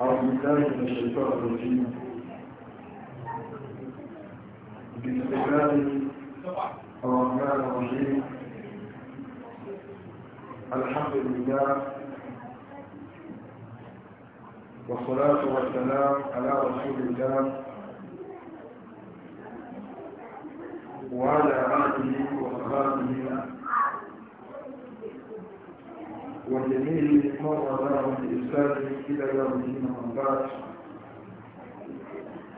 أعوذ بالله من الشيطان الرجيم بسم الله الرحمن الرحيم الحمد لله والصلاة والسلام على رسول الله وعلى آله وصحبه وجميع مرة لهم بإرسال إلى يوم الدين من بعد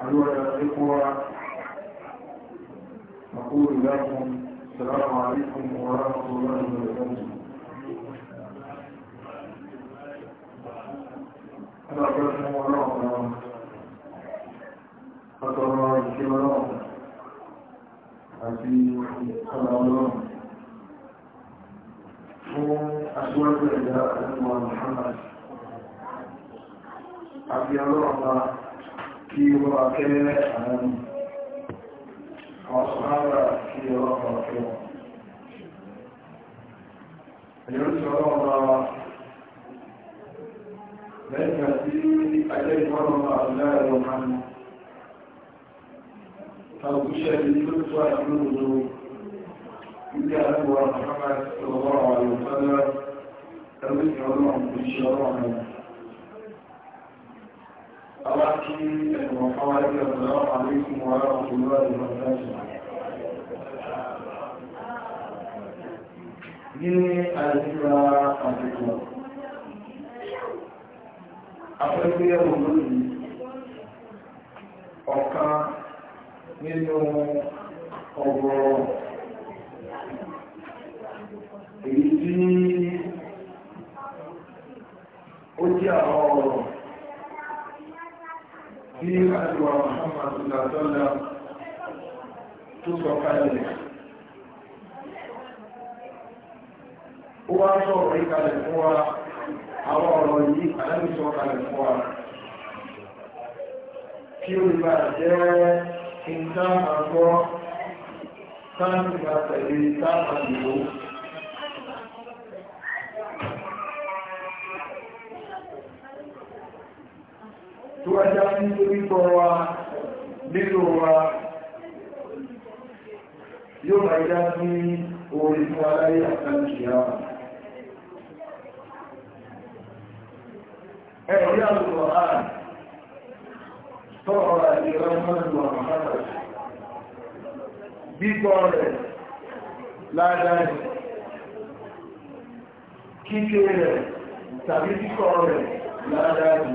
أيها الإخوة نقول لهم السلام عليكم ورحمة الله وبركاته أنا أقول ورحمة أترى الكلام وحيد على الله síwájú ẹ̀dá ẹ̀mọ̀ Muhammad àti ọlọ́ọ̀pá kí wọ́n akẹ́rẹ́ àwọn ọ̀sánàrà kí ọlọ́ọ̀pá kí wọ́n ẹ̀yọ́ tí ọlọ́ọ̀pá lẹ́yìn àti ayé ìfọ́nàmà aláàrẹ̀ ọ̀hánà tàbíṣẹ́ ìlú tó àìlú ìlú ilé àríwá Muhammad sallallahu alaihi wasallam ẹgbẹ́ ọlọ́run kò ṣe ọlọ́run àwọn akí ẹ̀kọ̀ fáwọn ẹgbẹ́ ọ̀pọ̀lọpọ̀ àríkùn wọ́n rọ̀ pẹ̀lú ẹ̀rọ ọ̀pọ̀lọpọ̀ ní àìsíra àtìkù afẹ́gbẹ́ èyí tí ó jẹ́ àwọn ọ̀rọ̀ bí àdúrà Muhammadu làtọ́lá tó sọ kalẹ̀ ó wá sọ̀rọ̀ ìkalẹ̀ fún wa àwọn ọ̀rọ̀ yìí àdájú sọ kalẹ̀ fún wa kí ó bá jẹ́ nǹkan àgọ́ sáàmì àtẹ̀lé sáàmì àdìgbò tó bá já sí nítorí tọ́ wa nílò wa yóò máa já sí orí fún aláyé àtàkì àwọn ẹ̀rí àlùkọ̀ ààrẹ tọ́ọ̀rọ̀ àti rẹ́mọ́lù àmàmàrà gbígbọ́ rẹ̀ ládáyé kíké rẹ̀ tàbí kíkọ́ rẹ̀ ládáyé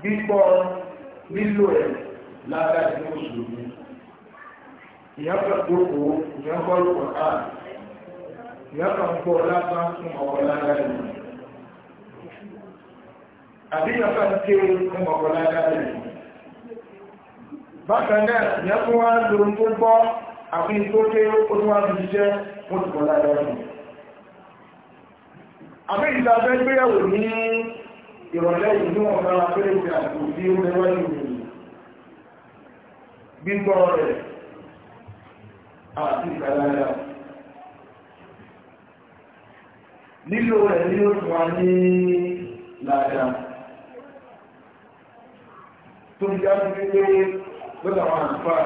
gbígbọ́ lílò ẹ̀ lágbàdì ní mùsùlùmí ìyàkàgbòkò ìyàkọ̀lùkọ̀ káà ìyàkàgbò lásán fún ọkọ̀ lágbàdì àbí ìyàkàgbé fún ọkọ̀ lágbàdì bákan náà ìyàkùn wá lórí tó gbọ́ àfihàn tó ké ó tó wá fi jíjẹ́ mọ́tùkọ̀ lágbàdì àbí ìdàgbẹ́gbéyàwó ní ìrọ̀lẹ́ yìí ní wọn máa fẹ́rẹ̀ ìgbà kò sí omi wáyé ìrìn gbígbọ́ rẹ̀ àti ìgbàlára nílò rẹ̀ ní oṣù wa ní làdá tó ń já sí pé lọ́dà wọn àǹfà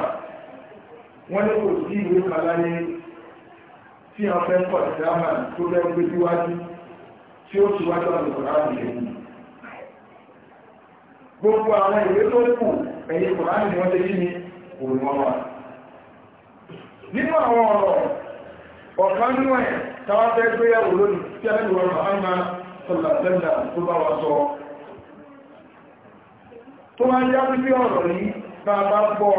wọ́n ní kò sí ìwé kaláyé tí wọ́n fẹ́ pọ̀ sí àmà tó fẹ́ gbé síwájú tí ó síwájú àlùkò láti ẹ̀yìn gbogbo àwọn ìwé tó kù ẹ̀yìn kòránì ni wọ́n tẹ́ yìí ni òmìnira nínú àwọn ọ̀rọ̀ ọ̀kan nínú ẹ̀ tàwọn fẹ́ gbé yẹ̀wò tí a ń lọ ma àmà sọ̀làtẹ́là tó bá wa sọ tó máa yá pípé ọ̀rọ̀ yìí bá bá gbọ́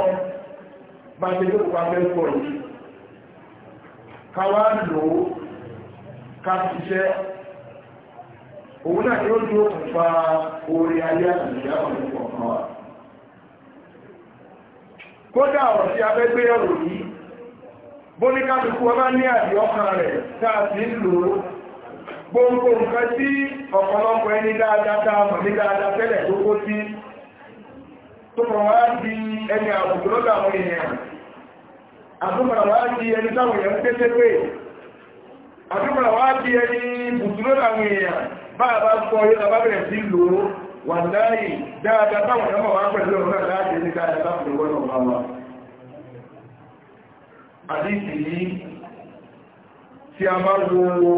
bá ṣe tó pa fẹ́ pọ̀ yìí ká òun náà ni ó ní òkùnfà orí ayé àtàlẹ́yà kọ̀ọ̀kan wa kódà ọ̀rọ̀ sí abẹ́gbẹ́ ọ̀rọ̀ yìí bó ní káàkùkù ọba ní àdì ọkàn rẹ̀ táà sí lò ó gbogbo nǹkan tí ọ̀pọ̀lọpọ̀ ẹni dáadáa tá a mọ̀ ní dáadáa tẹ́lẹ̀ tó kó sí tó mọ̀ wá di ẹni àbùkù lọ́dọ̀ èèyàn bá a bá gbọ́ yóò tàbá bẹ̀rẹ̀ sí lò ó wà láàyè dáadáa báwọn ọmọ wá pẹ̀lú ọ̀rọ̀ náà láti ní dáadáa bá fún ìwọ́n ọ̀rọ̀ wa àdíkì yìí tí a máa wo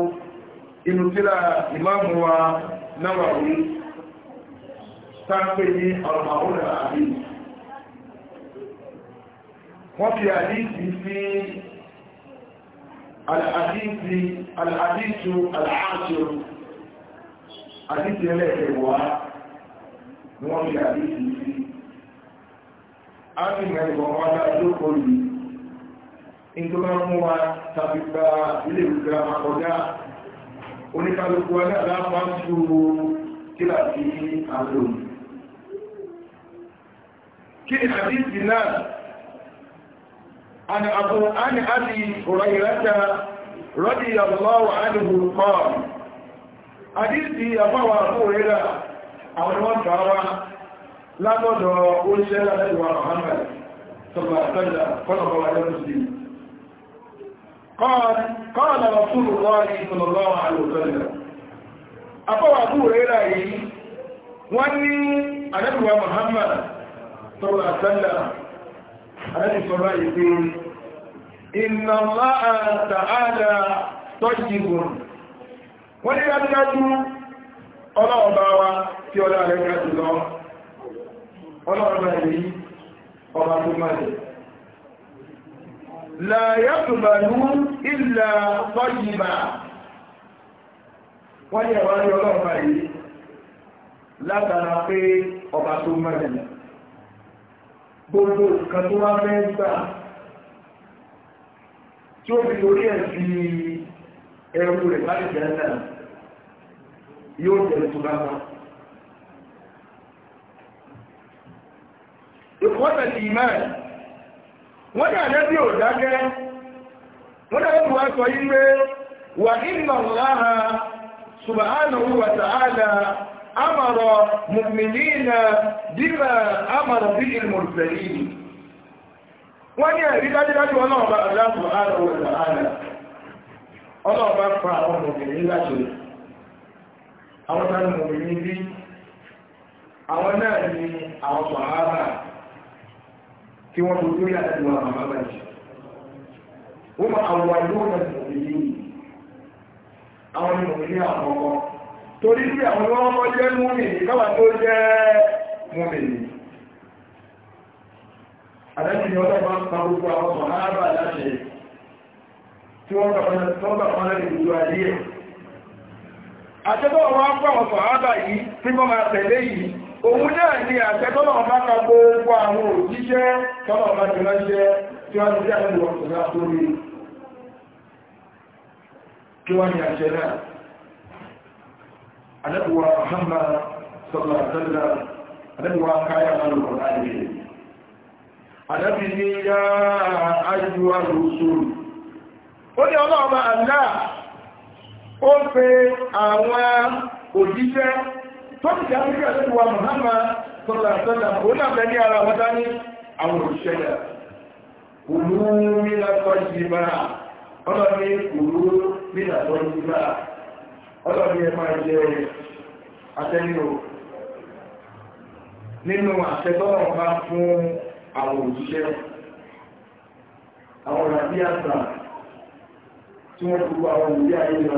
inú tíra ìmáàmù wa náwà rí sáńpé ní ọ̀rọ̀ wọ́n fi àdíkì sí الحديث الحديث العاشر àdìsí ẹlẹ́ẹ̀kẹwàá ni wọ́n fi àdìsí sí a ti mẹ́rin wọn wá dájú olù nítorí wọn mú wa tàbí gba ilé ìwé àkọjá oníkálukú aláàlá máa ń ju kíláàsì àlò kí àdìsí náà عن أبو عن أبي هريرة رضي الله عنه قال àdísì àfáwà àbú òrèrà àwọn wọn tààrà látọ̀dọ̀ oúnjẹ lẹ́wà Muhammad sọ̀rọ̀ àtọ́jà kọ́nàkọ́wà lẹ́nu sí قال رسول الله صلى الله عليه وسلم àfáwà àbú òrèrà yìí wọ́n ní àdẹ́bùwà Muhammad sọ̀rọ̀ àtọ́jà àdẹ́bùsọ̀rọ̀ ìpín wọ́n ní dájúdájú ọlọ́ọ̀bá wa tí ọlá rẹ̀ ká jù lọ ọlọ́ọ̀bá èyí ọba tó máa jẹ láyàtùbàlú ìlà tọ́jìbà wọ́n ní ẹ̀wà ní ọlọ́ọ̀bá èyí látara pé ọba tó máa jẹ tí ó fi lórí ẹ̀ fi ẹrù rẹ̀ láti jẹ́ náà yóò tẹ̀lé tó bá wọn. ìkọ́tà ti ìmọ̀ wọ́n dà lẹ́bí ò dákẹ́ wọ́n dà lẹ́bí wá sọ yí pé wà nínú ọ̀láha subhanahu wa ta'ala amara wọ́n ní ẹ̀rí dájúdájú ọlọ́ọ̀bá aláàbò ààrẹ ọlọ́ọ̀bá pa àwọn mùmìnì láti àwọn táwọn mòmìnì bí àwọn náà ni àwọn sọ̀hárà tí wọ́n tó lórí àtàdùn àwọn bàbá jù wọ́n máa àwọn àlóòrán mòmìnì àwọn mòmìnì àkọ́kọ́ torí bí àwọn ọmọ jẹ́ mòmìnì káwà tó jẹ́ mòmìnì àdájú ni ọlọ́pàá ń pa gbogbo àwọn sọ̀hárà láṣẹ tí wọ́n gbà pọ́nlẹ́ ìlú àtẹ́tọ́lọ̀ wọn fún àwọn sọ̀hábà yìí tí wọ́n máa tẹ̀lé yìí òun náà ni àtẹ́tọ́lọ̀ wọn bá ka gbogbo àwọn òjíṣẹ́ tọ́lọ̀ tí wọ́n ti jẹ́ àwọn ọ̀sán sórí kí wọ́n ni àṣẹ náà ó pe àwọn òjíṣẹ́ tó ti jẹ́ àríkà tó wà mọ̀hánmà tọ́làtọ́là ó nàbẹ̀ ní ara wọ́n dání àwọn òṣìṣẹ́ rẹ̀ kùrú mílàtọ́ ìgbìmọ̀ ọlọ́ni kùrú mílàtọ́ ìgbìmọ̀ ọlọ́ni ẹ máa jẹ àtẹ́lò nínú àtẹ́tọ́rọ̀ máa fún àwọn òṣìṣẹ́ àwọn ìrànlẹ́ àgbà tí wọ́n gbogbo àwọn ayé lọ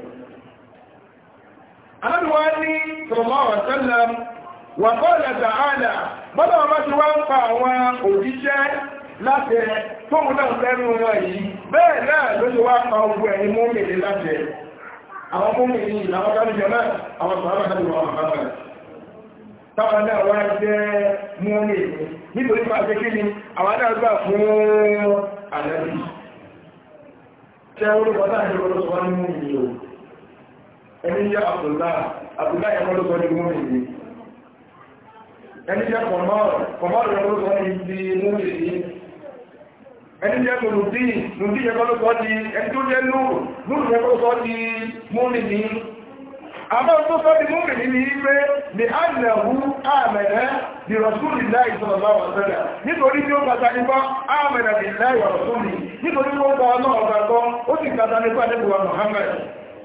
alábìwání sọ̀rọ̀mọ́wà sẹ́lẹ̀m wà kọ́lẹ̀ tààlà bọ́lá ọmọ ti wá ń pa àwọn òjíṣẹ́ láti tóun náà lẹ́nu wọn yìí bẹ́ẹ̀ náà ló ti wá pa ogun ẹ̀yìn múmìnì láti àwọn múmìnì ìlàwọ́ kánújọ náà àwọn sọ̀rọ̀ náà wọ́n ẹni jẹ́ Abdullahi Abdullahi ẹ̀kọ́ ló sọ ní gómìnà ìdí ẹni jẹ́ kọmọ́rù ẹ̀kọ́ ló sọ ní ti múlì ìdí ẹni jẹ́ lòdí lòdí ẹ̀kọ́ ló sọ ní ẹni tó jẹ́ lóòrù lóòrù ẹ̀kọ́ ló sọ ní múlì ìdí àmọ́ tó sọ ní múlì ìdí ní pé ní àmẹ̀hú àmẹ̀rẹ́ ní rọ̀súlì láì sọ̀rọ̀ nítorí tí ó gbàtà nípa àmẹ̀rẹ́ ní láì rọ̀súlì nítorí tí ó gbà náà ọ̀gbàgbọ́ ó sì gbàtà nípa nípa Muhammad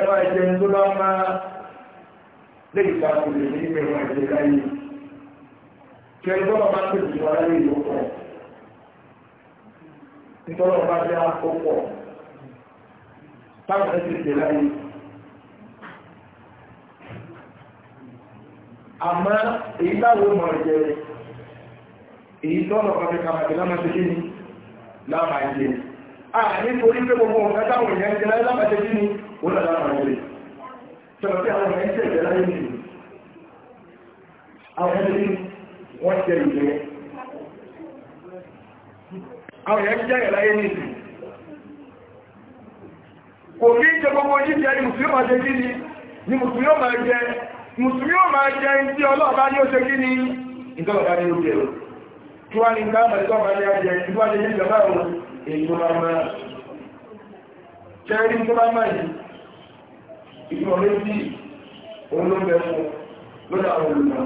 ẹwà ìjẹun tó bá máa lè ìtàkùnlé ní ìgbẹ̀rún àìjẹ láyé kẹrìndọ́nà máa ń pèsè wọn láyé ìlọ́pọ̀ nítorí ọba jẹ́ àkópọ̀ táwọn ẹ̀sìn tẹ̀ láyé àmọ́ èyí láwọ́ mọ̀ jẹ́ èyí tọ́nà ọba jẹ́ kàmàkì lámà ṣe kí ni lámà jẹ́ à nítorí pé gbogbo ọ̀gá táwọn èèyàn jẹ́ láyé lámà ṣe kí ni wọ́n lára àwọn ẹgbẹ́ sọ̀rọ̀ pé àwọn ẹgbẹ́ tẹ̀lé láyé nìyí àwọn ẹgbẹ́ wọ́n tẹ̀ ìgbẹ́ àwọn ẹgbẹ́ tẹ̀lé láyé nìyí kò ní jẹ gbogbo yìí jẹ́ ni mùsùlùmí máa jẹ kí ni ni mùsùlùmí máa jẹ mùsùlùmí máa jẹ tí ọlọ́ọ̀bá ní ó ṣe kí ni ìtọ́lọ̀bá ní ó jẹ tí wá ní káàmà ìtọ́lọ̀bá ní á jẹ tí wá ní ìjọba òun èyí tó bá máa ìgbọ̀n méjì olóògbé fún lórí àwọn olùmọ̀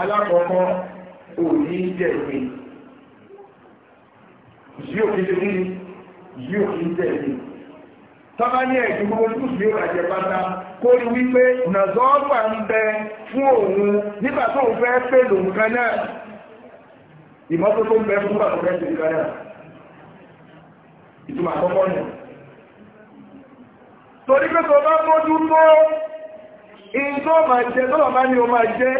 alákọ̀ọ́kọ́ òní jẹ̀gbé yíò kí ṣe rí yíò kí jẹ̀gbé tọ́bá ní ẹ̀kí gbogbo tó sí yóò àjẹ pátá kó rí wípé nàzọ́ọ̀pà ń bẹ fún òun nígbà tó ń fẹ́ pè lòun kan náà ìmọ́tótó ń bẹ fún àwọn fẹ́ sí kan torí pé tó bá mójú tó in tó máa jẹ tó bá ní o ma jẹ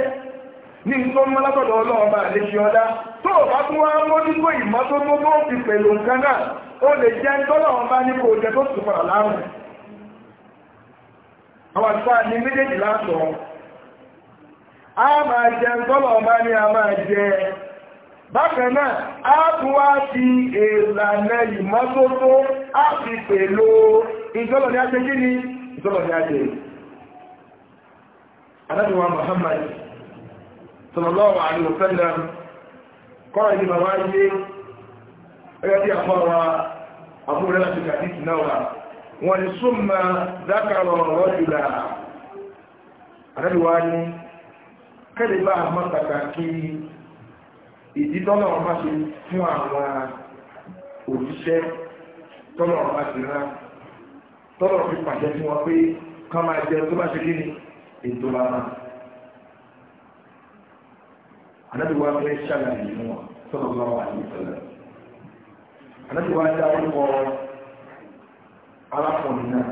ní tó mọ́ látọ̀dọ̀ ọlọ́run lè ṣe ọlá tó bá tún wá mójú tó ìmọ́tótó tó fi pẹ̀lú nǹkan náà ó lè jẹ́ tọ́lọ́run bá ní kò jẹ tó láàrùn a bákan náà á tún wá ti ìlànà ìmọ́tótó á fi pèlò ìjọlọ̀ ní ajé kíni ìjọlọ̀ ní ajé anábìwá Muhammad sallallahu alaihi wa kọ́rọ̀ ìdí bàbá yé ẹgbẹ́ tí àbúrẹ́ láti kàdíkì náà wọ́n ni dákàrọ̀ rọ́jùlá anábìwá ní kẹ́lẹ̀ bá a ìdí tọ́lọ̀ ọmọ ṣe fún àwọn òṣìṣẹ́ tọ́lọ̀ ọmọ ṣe rán tọ́lọ̀ fi pàṣẹ fún wọn pé ká máa jẹ tó bá ṣe kí ni ètò lára anábìwá fẹ́ ṣàlàyé fún wọn tọ́lọ̀ ọmọ wà ní ìfẹ́lẹ̀ anábìwá dá orúkọ arákùnrin náà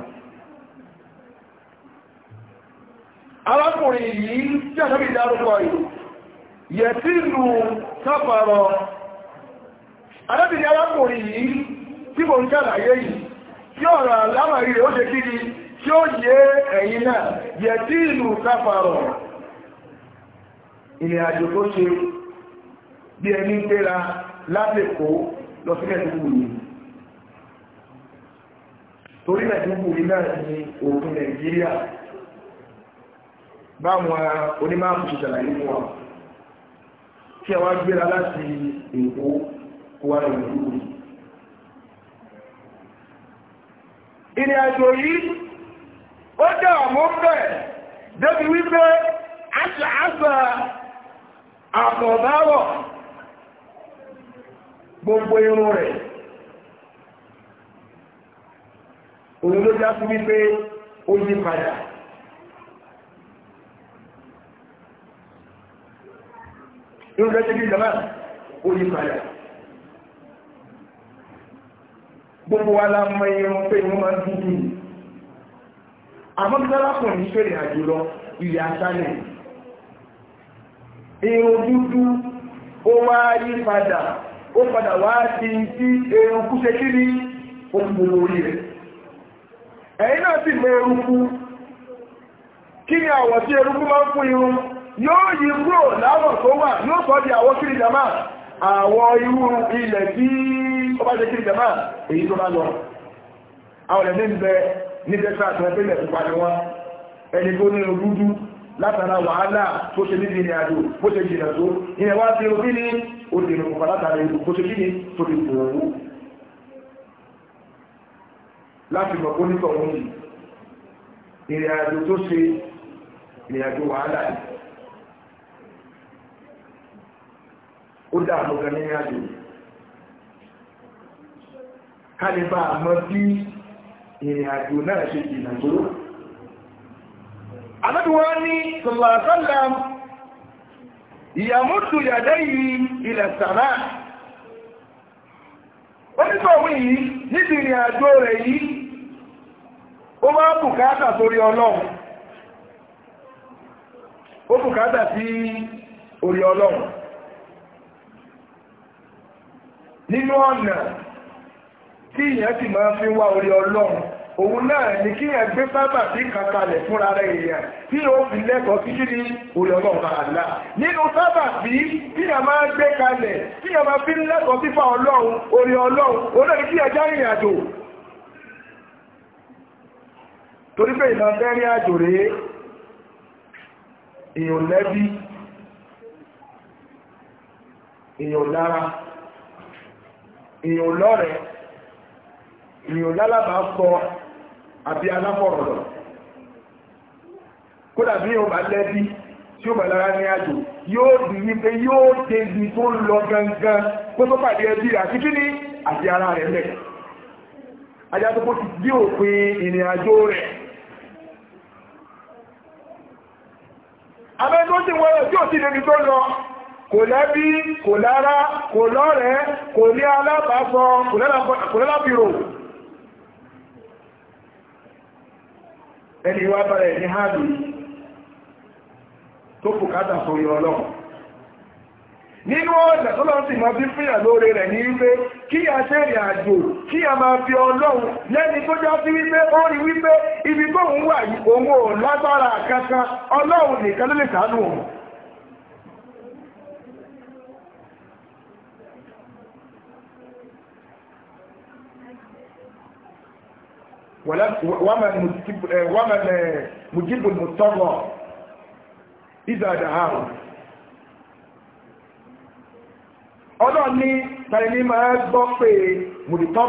arákùnrin yìí tí àtàbí ìdárúkọ yìí yẹ tí ìlú sápàrọ̀ arábìnrin arákùnrin yìí tí mo ń kàràyé yìí yóò rà lámàrí rẹ̀ ó ṣe kí ni tí ó yé ẹ̀yìn náà yẹ tí ìlú sápàrọ̀ ìrìn àjò tó ṣe bí ẹni gbéra lásìkò lọ sí mẹ́tùkù yìí torí mẹ́tùkù yìí náà ni òkun nàìjíríà báwọn onímọ̀ àpùsù ṣàlàyé fún wa kí ẹ wá gbéra láti èkó kó wá lọ ìlú ìrìn àjò yìí ó jẹ́ ọ̀mọ́ bẹ̀ débi wípé aṣàáṣà àkọ̀báwọ̀ gbogbo irun rẹ̀ òun ló wípé ó yí padà irú rẹ̀ ṣe jama ó yí padà gbogbo wa la mọ irun pé wọ́n máa ń dúdú àmọ́ sálápọ̀ ní ṣe ìrìn àjò lọ ilẹ̀ aṣálẹ̀ irun dúdú ó wá yí padà ó padà wá sí tí irun kú ṣe kí ní òkúrò orí rẹ̀ ẹ̀yìn náà sì mọ eruku kí ni àwọ̀ tí eruku máa ń fún irun yóò yí kúrò láwọ̀ tó wà yóò sọ di àwọ́ kiri jama àwọ̀ irú ilẹ̀ tí ó bá jẹ́ kiri jama èyí tó bá lọ àwọn ẹ̀mí ń bẹ ní texas rẹ̀ pẹ̀lẹ̀ pupa ni wọ́n ẹni tó ní orúdú látara wàhálà tó ṣe níbi ìrìn àjò bó ṣe jìnà tó ìyẹn wá sí orí ní òdìrò pupa látara ìlú bó ṣe kí ni tó fi kù òwú láti mọ̀ kó nítọ̀ wọn yìí ìrìn àjò tó ṣe ìrìn àjò wàhálà yìí ó dà mọ́ gan nínú àjò kálíbà mọ́ bí ìrìn àjò náà ṣe jìnà tó àbẹ́bíwá ní sọ̀làsọ́là ìyàmótù yàdẹ́ yìí ilẹ̀ sàmà onítọ̀wé yìí níbi ìrìn àjò rẹ̀ yìí ó máa bùkátà sórí ọlọ́run ó bùkátà sí orí ọlọ́run nínú ọ̀nà tí ìyẹn sì máa fi wá orí ọlọ́run òun náà ni kí ẹ gbé bábà sí kankalẹ̀ fúnra rẹ̀ èèyàn tí ó fi lẹ́kọ̀ọ́ sí kíni olùọlọ́run bá àlá nínú bábà sí tí a máa gbé kalẹ̀ tí a máa fi lẹ́kọ̀ọ́ sí ọlọ́run orí ọlọ́run òun kí ẹjá rìn àjò torí pé ìlànà fẹ́ àjò rèé èèyàn lẹ́bí èèyàn lára èèyàn lọ́rẹ̀ èèyàn lálábàá sọ àbí alámọ̀rọ̀lọ̀ kódà bí yóò bá lẹ́bí tí ó bá lára ní àjò yóò dì ní pé yóò dé ibi tó ń lọ gangan kó tó pàdé ẹbí àti kí ni àti ara rẹ̀ lẹ̀ ajá tó kó ti dí òpin ìrìn àjò rẹ̀ abẹ́ tó ti wọ́n tí ò sí ibi tó lọ kò lẹ́bí kò lára kò lọ́rẹ̀ kò ní alábàáfọ́ kò lẹ́lábìrò ẹni wá bẹ̀rẹ̀ ní hàbì tó bùkátà fún yọ nínú ọ̀nà tó lọ́n sì mọ́ bí fíyà lóore rẹ̀ ní wípé kí a ṣe ìrìn àjò kí a máa fi ọlọ́run lẹ́ni tó sí wípé ó ibi tó wà yìí òun ò lágbára kankan ọlọ́run nìkan lè wàmà mùjíbù mùtọ́rọ̀ ìzàdà àrùn ọlọ́ ní tàbí ní máa gbọ́ pé mùtọ́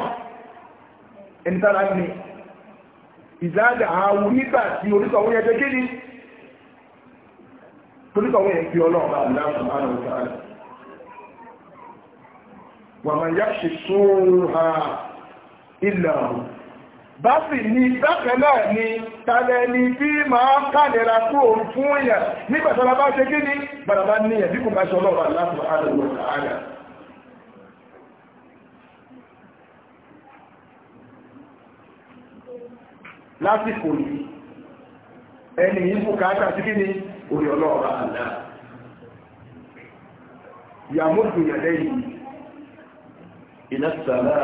ẹ̀ntàrà ní ìzàdà àrùn nígbà tí orísọ̀wọ́ yẹ jẹ́ kí ni torísọ̀wọ́ yẹ kí ọlọ́ọ̀bá aláàrùn àrùn wàmà yá ṣe sóòrò ha ìlàrùn bá sì ní bákan náà ni tààlẹ̀ ni bí máa kàlẹ̀ra kú òun fún èèyàn nígbàtàlá bá ṣe kí ní bàbá ní ẹ̀ bí kò bá ṣe ọlọ́wà láti àdàwò àádà lásìkò yìí ẹni ìbù káàkà sí kí ní orí ọlọ́wà àdà yàmúdù yàlẹ́yìn ìlàsàlá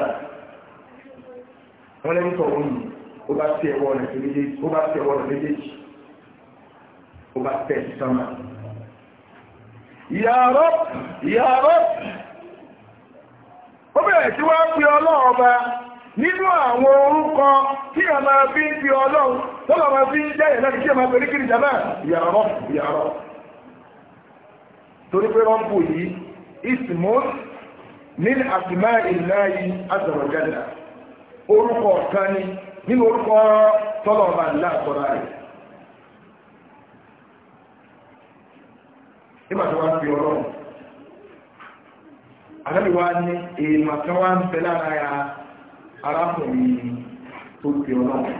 wọ́n lẹ́yìn tọ̀ wọ́n yìí ó bá tẹ ẹwọ́ rẹ̀ méjèèjì ó bá tẹ ẹwọ́ rẹ̀ méjèèjì ó bá tẹ ẹ̀ sánmà. Ya Rabb Ya Rabb ó bẹ̀rẹ̀ tí wọ́n pe ọlọ́run ọba nínú àwọn orúkọ tí a máa fi ń fi ọlọ́run tó bá máa fi ń jẹ́ ìlànà tí a máa pẹ̀lú kiri jàmá Ya Rabb torí pé rọ́pù yìí ismos min asma'illahi azza wa jalla orúkọ kan ni nínú orúkọ tọ́lọ̀ ọba nílá àkọ́ra rẹ̀ nígbà wá ń fi ọlọ́run àdábìwá ní èèmà kan wá ń bẹ lára ya arákùnrin tó fi ọlọ́run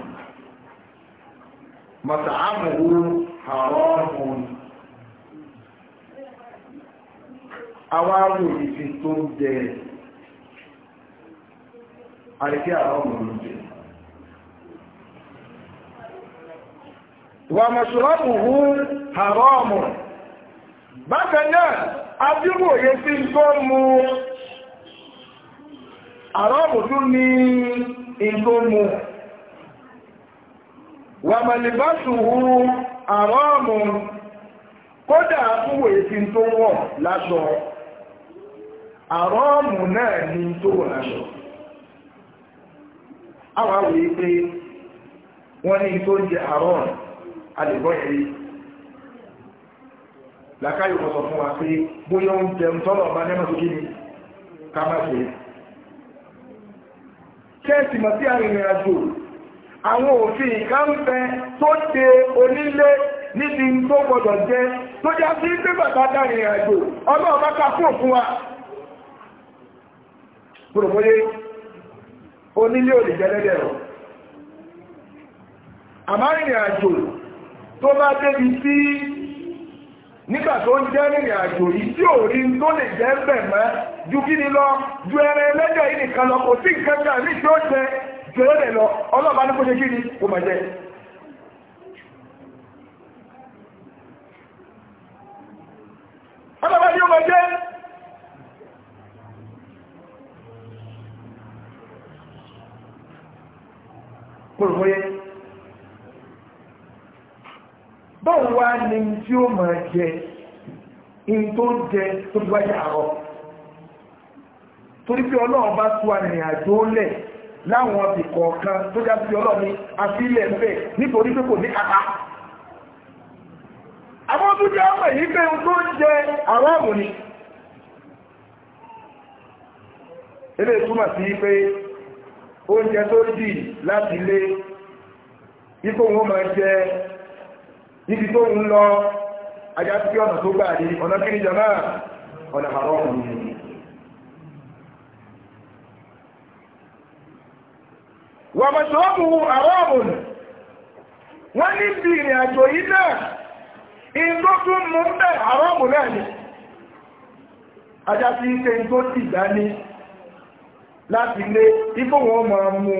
mọ̀tà àríkí àwọn ọmọ ìrìnjẹ́ wà mọ̀ṣùlọ́pù hú àrọ ọmọ bákan náà abúrò òye sí tó mú àrọ ọmọ tó ní ìgbó mú wà mọ̀lìbáṣù hú àrọ ọmọ kódà awa àwòrán yìí pé wọn ní tó ń jẹ àárọ̀ àlèbọ̀ làkàyò kan fún wa pé bóyá ó ń tọ́lọ̀ ọba nẹ́mọ̀ tó kí ká má ṣe é kẹ́ẹ̀sì mọ̀ sí arìnrìn àjò àwọn òfin ìkáńfẹ́ tó ṣe onílé níbi tó gbọdọ̀ jẹ tó já sí dárìnrìn fún òfin wa gbọdọ̀ onílé òlì gẹ́lẹ́gẹ́ rọ̀ àmárìnrìn àjò tó bá débi tí nígbà tó ń jẹ́ rìnrìn àjò yìí tí ò rí tó lè jẹ́ bẹ̀ mọ́ ju kí ni lọ ju ẹran ẹlẹ́jẹ̀ yìí nìkan lọ kò sí nǹkan kan ní tí ó jẹ jẹ́rẹ́ rẹ̀ lọ ọlọ́ba ní kó ṣe kí ni kò mà jẹ ọlọ́ba ní ó mà jẹ́ kpọrọ báwo wá tí ó máa jẹ tó jẹ tó ti wáyé torí pé bá tú arìnrìn àjò lẹ̀ láwọn ọ̀sìn kọ̀ọ̀kan tó já sí ọlọ́run ní afílẹ̀ bẹ́ẹ̀ nítorí pé kò ní kàkà ni oúnjẹ tó dì láti lé ipò wọn máa jẹ tó ń lọ ajá sí ọ̀nà tó gbà ní ọ̀nà kí ni jama ọ̀nà àrọ̀ ọ̀hún wà mọ̀sọ́ọ̀bù àrọ̀ ọ̀hún wọ́n ní bí ìrìn àjò yìí náà ìgbó tún mú bẹ́ẹ̀ àrọ̀ ọ̀hún náà ni láti lé ipò wọn máa mú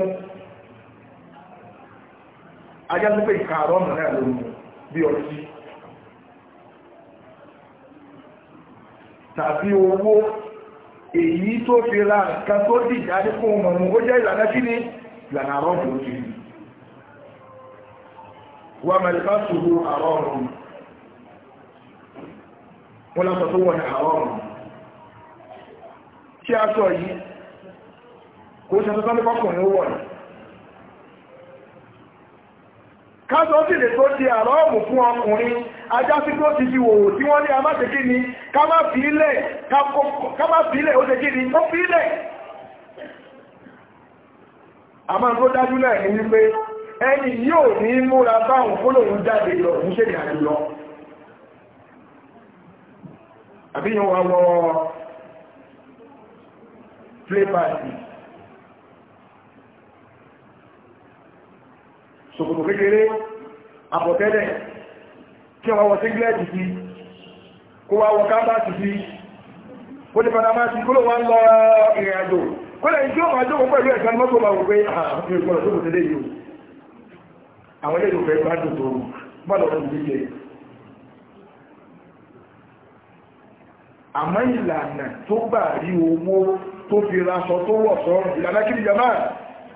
ajásípé ìkààrọ̀ ọ̀nà náà ló mú bí ọtí tàbí owó èyí tó fi ra nǹkan tó dìjà ní fún ọmọ mú ó jẹ́ ìlànà kí ni ìlànà àrọ́bù ó ti wà mẹ́lẹ́ká sùúrù àrọ́rùn wọ́n lásọ tó wọ́n ni àrọ́rùn tí a sọ yìí kò ṣe tuntun nípa ọkùnrin ní káàtọ́ sì lè tó ti àrọ́ ọ̀mù fún ọkùnrin ajá sí tó ti tí wọ́n ní a máa ṣe ni ká má fi ilẹ̀ ó ni ó fi ilẹ̀ tó dájú náà ní ẹni yóò ní múra báhùn jáde lọ ṣòkòtò kékeré àpọ̀tẹ́lẹ̀ kí wọ́n wọ síngilẹ́ẹ̀tì sí kó wá wọ kábàtì sí kó ní panama sí kó ló wá ń lọ ìrìn àjò kó lẹ́yìn tí ó máa jókòó pẹ̀lú ẹ̀sán mọ́tò máa wò pé àwọn ìgbọ̀nà tó kò tẹ́lẹ̀ yìí àwọn ilé ìlúfẹ́ gbádùn tó bọ́ọ̀lù ọ̀rọ̀ ìdíje àmọ́ ìlànà tó gbà rí owó tó fi raṣọ tó wọ̀ sọ́rùn ìlànà kí ni jama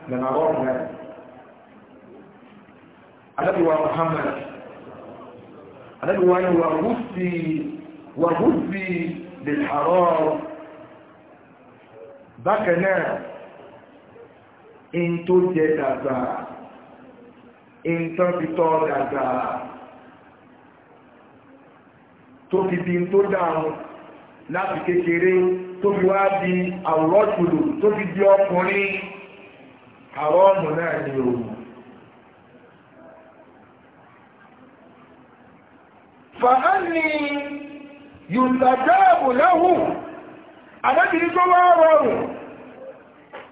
lẹ́nà rọ́ọ̀rùn rẹ̀ anábíwa Muhammad anábíwa ni wà húsí lè ṣàrọ́ bákan náà in tó jẹ dàgbà in tó fi tọ́ dàgbà tó fi bí tó dáhùn láti kékeré tó fi wá di àwòrán jùlọ tó fi di ọkùnrin àwọn ọmọ náà ni òun fàánì yùtàjáàbù lẹ́hù àdájìrí tó wá rọrùn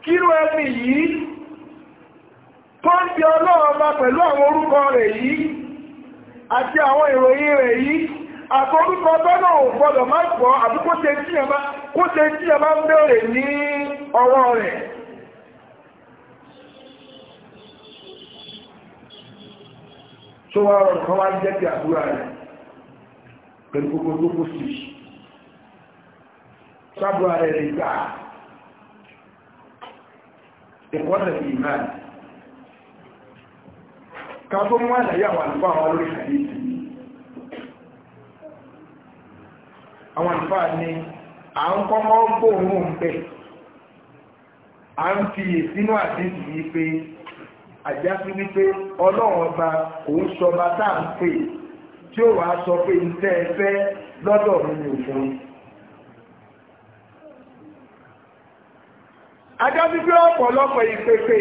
kírò ẹni yìí tó ń bí ọlọ́ọ̀bá pẹ̀lú àwọn orúkọ rẹ̀ yìí àti àwọn ìròyìn rẹ̀ yìí àtọ́rúkọ tọ́nà ò gbọdọ̀ má gbọ́ àbí kó ṣe tí ẹmá kó ń bẹ̀rẹ̀ ní ọwọ́ rẹ̀ tó wá rọrùn pẹ̀lú gbogbo tó kó sí sábà rẹ̀ lè gbà ẹ̀kọ́ rẹ̀ fi máa mú àlàyé àwọn àlùfáà wọn àwọn à ń a ń fi ìsínú àdéjì yìí pé tí ó wàá sọ pé iṣẹ́ ẹ fẹ́ lọ́dọ̀ mi ni òfin. ajábí pé ọ̀pọ̀lọpọ̀ ìpèpè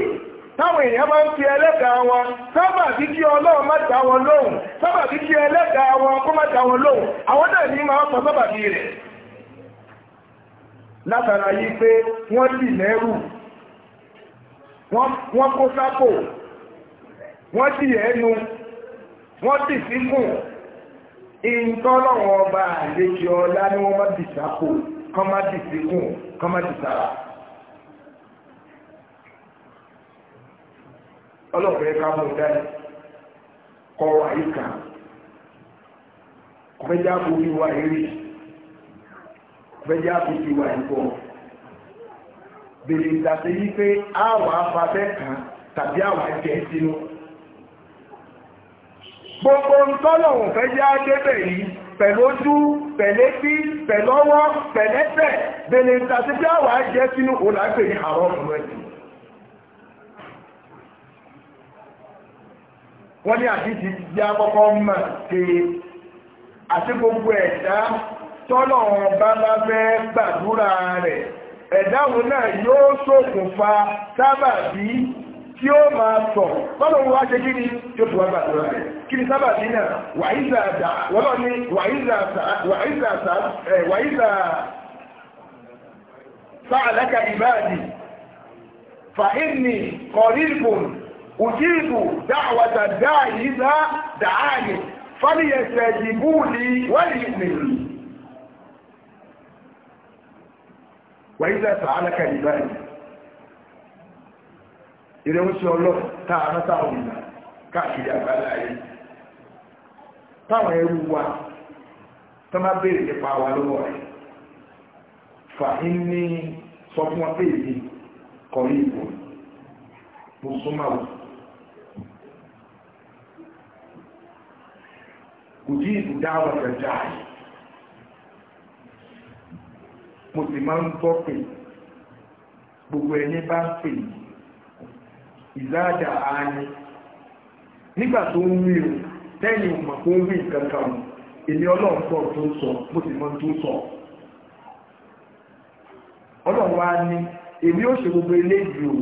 táwọn èèyàn bá ń fi ẹlẹ́gàá wọn sábà bí kí ọlọ́run má dá wọn lóhùn sábà bí kí ẹlẹ́gàá wọn kó má dá wọn lóhùn àwọn náà ní máa ń sọ sábà bí rẹ̀ látara yí pé wọ́n dì lẹ́rù wọ́n kó sápò wọ́n dì ẹnu wọ́n dì síkùn nǹkan ọlọ́run ọba àlejò ọlá ni wọ́n má dìsápò kán má dìsíkùn kán má dìsára. ọlọ́pàá ká mú dání kọ́ wa yìí kan ọ̀fẹ́jà kò fi wá eré ọ̀fẹ́jà kò fi wá ìbọ̀ bèrè ìdàsẹ́ yìí pé àwọn afáfẹ́ kan tàbí àwọn ẹ̀jẹ̀ sínú gbogbo ntọ́lọ̀wọ̀n fẹ́ yá débẹ̀ yìí pẹ̀lójú pẹ̀lẹ́bí pẹ̀lọ́wọ́ pẹ̀lẹ́sẹ̀ bẹ̀lẹ̀ ìtàsíbí àwà jẹ́ sínú òlàgbè àwọn ọmọ ẹ̀sìn wọ́n ní àdíjì yá kọ́kọ́ mọ̀ pé àti gbogbo ẹ̀dá tọ́lọ̀wọ̀n bá bá fẹ́ gbàdúrà rẹ̀ ẹ̀dáhùn náà yóò ṣokùnfà sábàbí tí ó máa sọ bọ́lọ̀ wá ṣe kí ni yóò fi wá gbàdúrà rẹ̀ kí ni sábà bí náà wàíza sáàlẹ́kà ìbáàdì fàínì kọ̀rìbùn òjìbù dáwàtà dáàyíza ìrẹ̀wọ́sí ọlọ́run táàrán táwọn ìlà káàkiri àgbàlá yìí táwọn ẹrú wa tó má béèrè nípa wa lọ́wọ́ rẹ̀ fàáhín ní sọ fún wọn pé èyí kọ̀rí ìbò mo súnmọ́ wọn kò jí ìbùdá wọn rẹ̀ jáà mo sì máa ń gbọ́ pé gbogbo ẹni bá ń pè yìí ìzáàdà ààyè nígbà tó ń rí o tẹ́yìn mọ̀ tó ń rí nǹkan kan èmi ọlọ́run sọ tó ń sọ mo sì mọ tó ń sọ ọlọ́run wá ní èmi ó ṣe gbogbo eléyìí o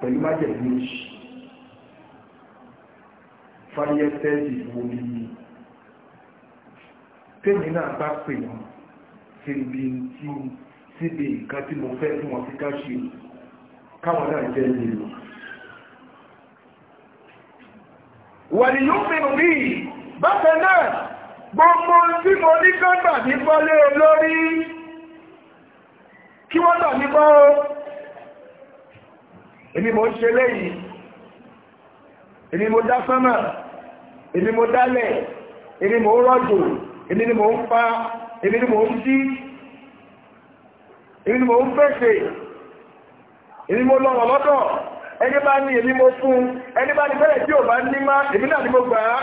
pẹ̀lú májèlú oṣù fáyẹ́fẹ́ ìwò yìí tèmi náà bá pè wọ́n síbi nǹkan tí mo fẹ́ fún wọn fi ká ṣe o káwọn náà jẹ́ ìlú wàlì yóò mẹ́rù rí bákan náà gbogbo tí mo ní kọ́gbà ní bọ́lé e lórí kí wọ́n tà ní bọ́ èmi mo ṣe lẹ́yìn èmi mo dá sánmà èmi mo dálẹ̀ èmi mo rọ̀jò èmi ni mo ń pa èmi ni mo ń jí èmi ni mo ń fẹ́sẹ̀ èmi mo lọ́wọ́ lọ́dọ̀ ẹni bá ní èmi mo fún ẹni bá ní bẹ́rẹ̀ tí ò bá ní má èmi náà ni mo gbà á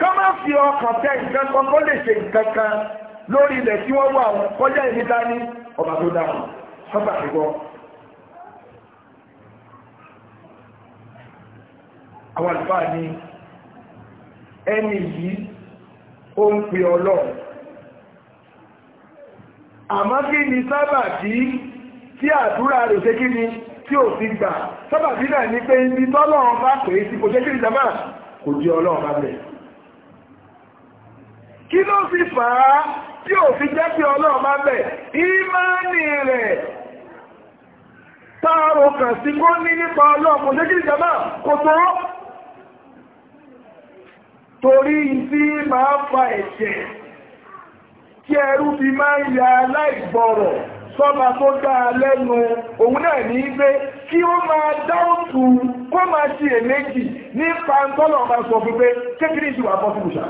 ká má fi ọkàn tẹ nǹkan kan kó lè ṣe nǹkan kan lórí ilẹ̀ tí wọ́n wà wọn kọjá èmi dání ọba tó dáa sọ́gbà tó gbọ́ àwọn àlùfáà ni ẹni yìí ó ń pe ọlọ́run àmọ́ kí ni sábà tí tí àdúrà rẹ̀ ṣe kí ni tí ò fi gbà sábà bí náà ní pé ibi tọ́lọ́run bá pè é sí kò ṣe kí ni jama kò di ọlọ́run bá bẹ̀. kí ló fi fà á tí ò fi jẹ́ pé ọlọ́run bá bẹ̀ ìmánì rẹ̀ táàrò kàn sí kó ní nípa ọlọ́run kò ṣe kí ni jama kò tó torí tí máa fa ẹ̀jẹ̀ kí sọ́ba tó dáa lẹ́nu òun náà ní pé kí ó máa dáòtù kó máa ṣe èméjì ní pàǹtọ́lọ̀ ọba sọ fún pé kékeré ìṣúwà bọ́ sí ìṣà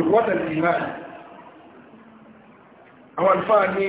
ìwọ́tẹ̀ ìmáà àwọn àlùfáà ní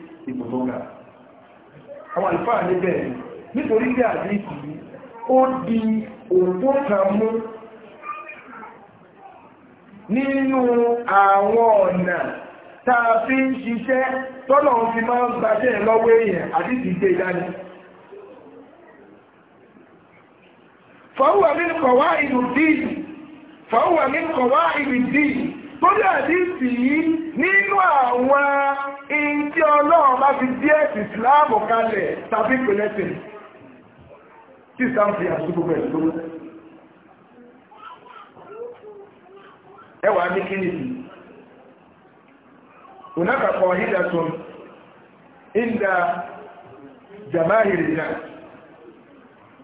ìbùdókà àwọn àlùfáà níbẹ̀ nítorí bí àdíkì ó di òpó kan mú nínú àwọn ọ̀nà táa fi ń ṣiṣẹ́ tọ́lọ̀ fi máa ń gbàṣẹ́ lọ́wọ́ èèyàn àdíkì gbé ìdáni fọ́wọ́ nínú kọ̀wá ìlú dìí fọ́wọ́ nínú kọ̀wá ìlú dìí tó dẹ̀ àdíkì yìí nínú àwọn in tí ọlọ́run bá fi díẹ̀ sí ìsìláàmù kalẹ̀ tàbí pẹ̀lẹ́tẹ̀ tí ìsìláàmù fi àṣíkò bẹ̀rẹ̀ tó ẹwà ní kí nìyí onákàkọ̀ hídàtún ìdá jamahiri náà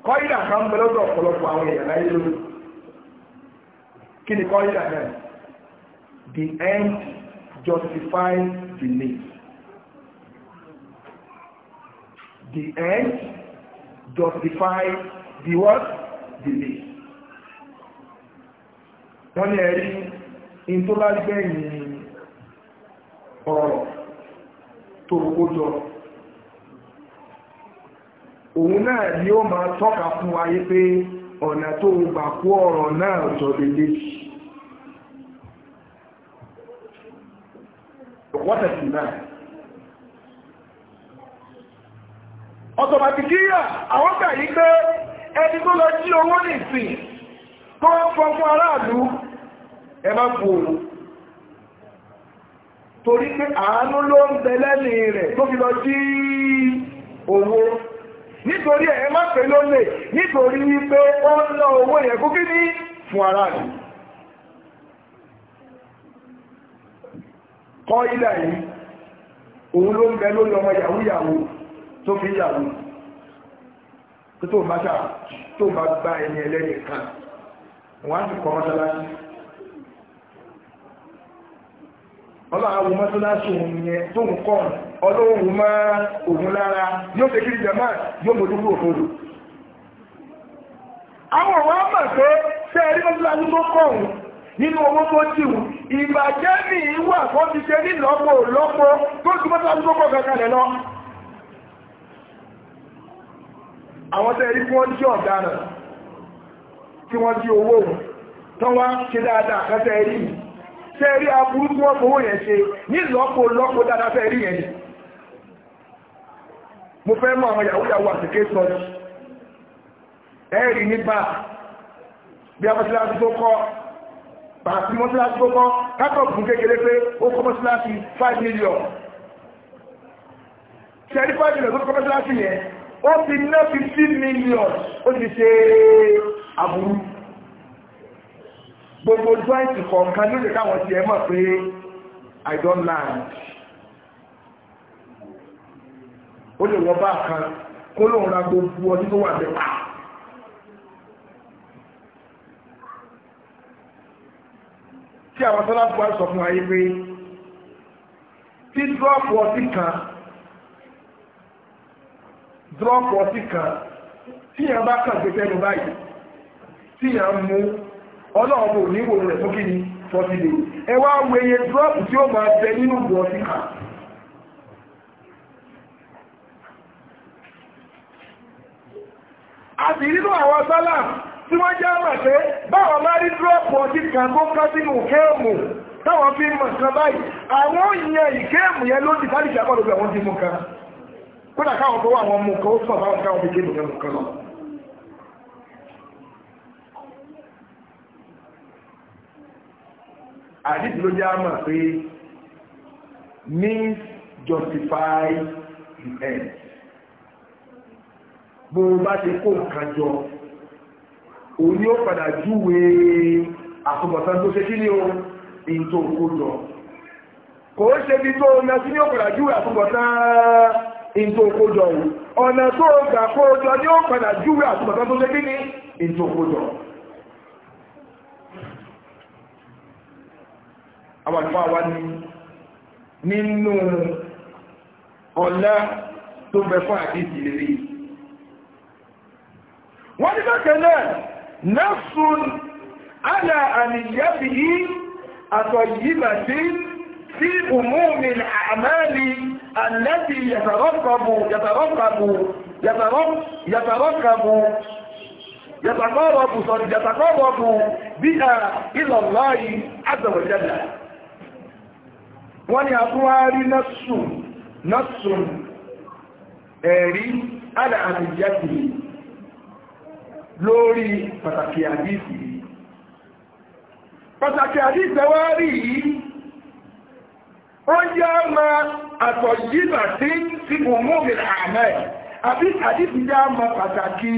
kọ́ ìdà kan bẹ̀lọ́dọ̀ ọ̀pọ̀lọpọ̀ àwọn èèyàn láyé lórí kí ni kọ́ ìdà náà the end justifies the name the end justifies the what? the way. wọ́n ní ẹ̀rí in tó bá gbẹ̀yìn ọ̀rọ̀ tó kójọ òun náà ni ó máa tọ́ka fún wáyé pé ọ̀nà tó gbà kú ọ̀rọ̀ náà jọ lélé ọ̀pọ̀tẹ̀sì náà ọ̀tọ̀màtìkíyà àwọn gbà yí pé ẹni tó lọ jí owó ní ìsìn tó ń fọ fún aráàlú ẹ má fò ó torí pé àánú ló ń bẹ lẹ́ni rẹ̀ tó fi lọ jí owó nítorí ẹ má pè lólè nítorí wípé ó ń lọ owó yẹn kí ní fún aráàlú kọ́ ilẹ̀ yìí òun ló ń bẹ lórí ọmọ yahoo yahoo tó fi yàwó tó bá ṣà tó bá gbá ẹni ẹlẹ́ni kan wọ́n á sì kọ́ mọ́sálásí ọlọ́run mọ́sálásí òun yẹn tó ń kọ́ ọlọ́run mọ́ òun lára yóò fẹ́ kiri jama yóò mọ́ dúró òfòrò àwọn ọ̀rọ̀ mọ̀ pé ṣe ẹ̀rí mọ́sálásí tó kọ́ òun nínú owó tó jíwù ìbàjẹ́ mi wà fọ́ ti ṣe nílọ́pọ̀ lọ́pọ̀ tó ti mọ́sálásí tó kọ́ kankan lẹ́nà àwọn tẹ́ rí fún ọjọ́ ọ̀daràn tí wọ́n jí owó tán wá ṣe dáadáa kan tẹ́ rí tẹ́ rí aburú tí wọ́n fowó yẹn ṣe ní lọ́pọ̀ lọ́pọ̀ dáadáa tẹ́ rí yẹn mo fẹ́ mọ àwọn yahoo yahoo àtìké sọ ní ẹ̀rí ní bá bí a mọ́síláṣí tó kọ́ pàtí mọ́síláṣí tó kọ́ kákọ̀ọ̀bù kékeré pé ó kọ́ mọ́síláṣí 5 million ṣe rí 5 million tó kọ́ mọ́síláṣí yẹn ó fi ná 15 million ó ti ṣe àbúrú gbogbo joint kọ̀ọ̀kan ló lè káwọn ti ẹ mọ̀ pé i don land ó lè wọ bá kan kó lóun ra gbogbo ọdún tó wà lẹ́pà tí àwọn sọ́lá buhari sọ fún ayé pé tí drọ́ọ̀pù ọtí kan drop ọtí kan tí yàn bá kàn pé tẹ́nu báyìí tí yàn mú ọlọ́ọ̀bù níwò rẹ̀ fún kí ni forty days ẹ wá wẹ̀yẹ tí ó máa bẹ nínú ìgbò ọtí kan a sì àwọn sálà tí wọ́n já mọ̀ pé báwọn bá rí drọ́pù ọtí kan tó kán sínú kéèmù táwọn fi mọ̀ kódà káwọn tó wà wọn mú kan ó sọ báwọn káwọn fi kébù lẹ́nu kan lọ. àdìsí ló jẹ́ àmà pé means justify the end bó o bá ṣe kó nǹkan jọ òun yóò padà júwe àkọbọ̀tán tó ṣe kí ní o in tó kó jọ kò ó ṣe bí tó o na sí ní ó padà júwe àkọbọ̀tán into okojo yìí ọ̀nà tó gbà kójọ ní o padà júwé àtúbọ̀tán tó lé kíní into okojo àwọn àdúgbò àwa ni nínú ọ̀lá tó bẹ fún àdíjì lérí wọ́n ní bákẹ́ náà nafsun ala àníyàbí àtọ̀yìmàtí sí umumi amali. الذي يترقب يترقب يترقب يترقب يتقرب يتقرب بها إلى الله عز وجل wọ́n ni àtúwárí nọ́sùn nọ́sùn ẹ̀rí aláàbìyàtì lórí pàtàkì àdísì pàtàkì àdísì wá rí yìí ó yá ma àtọ̀yíbà tí tí kò mú mi àmẹ́ àbí àdífi yá ma pàtàkì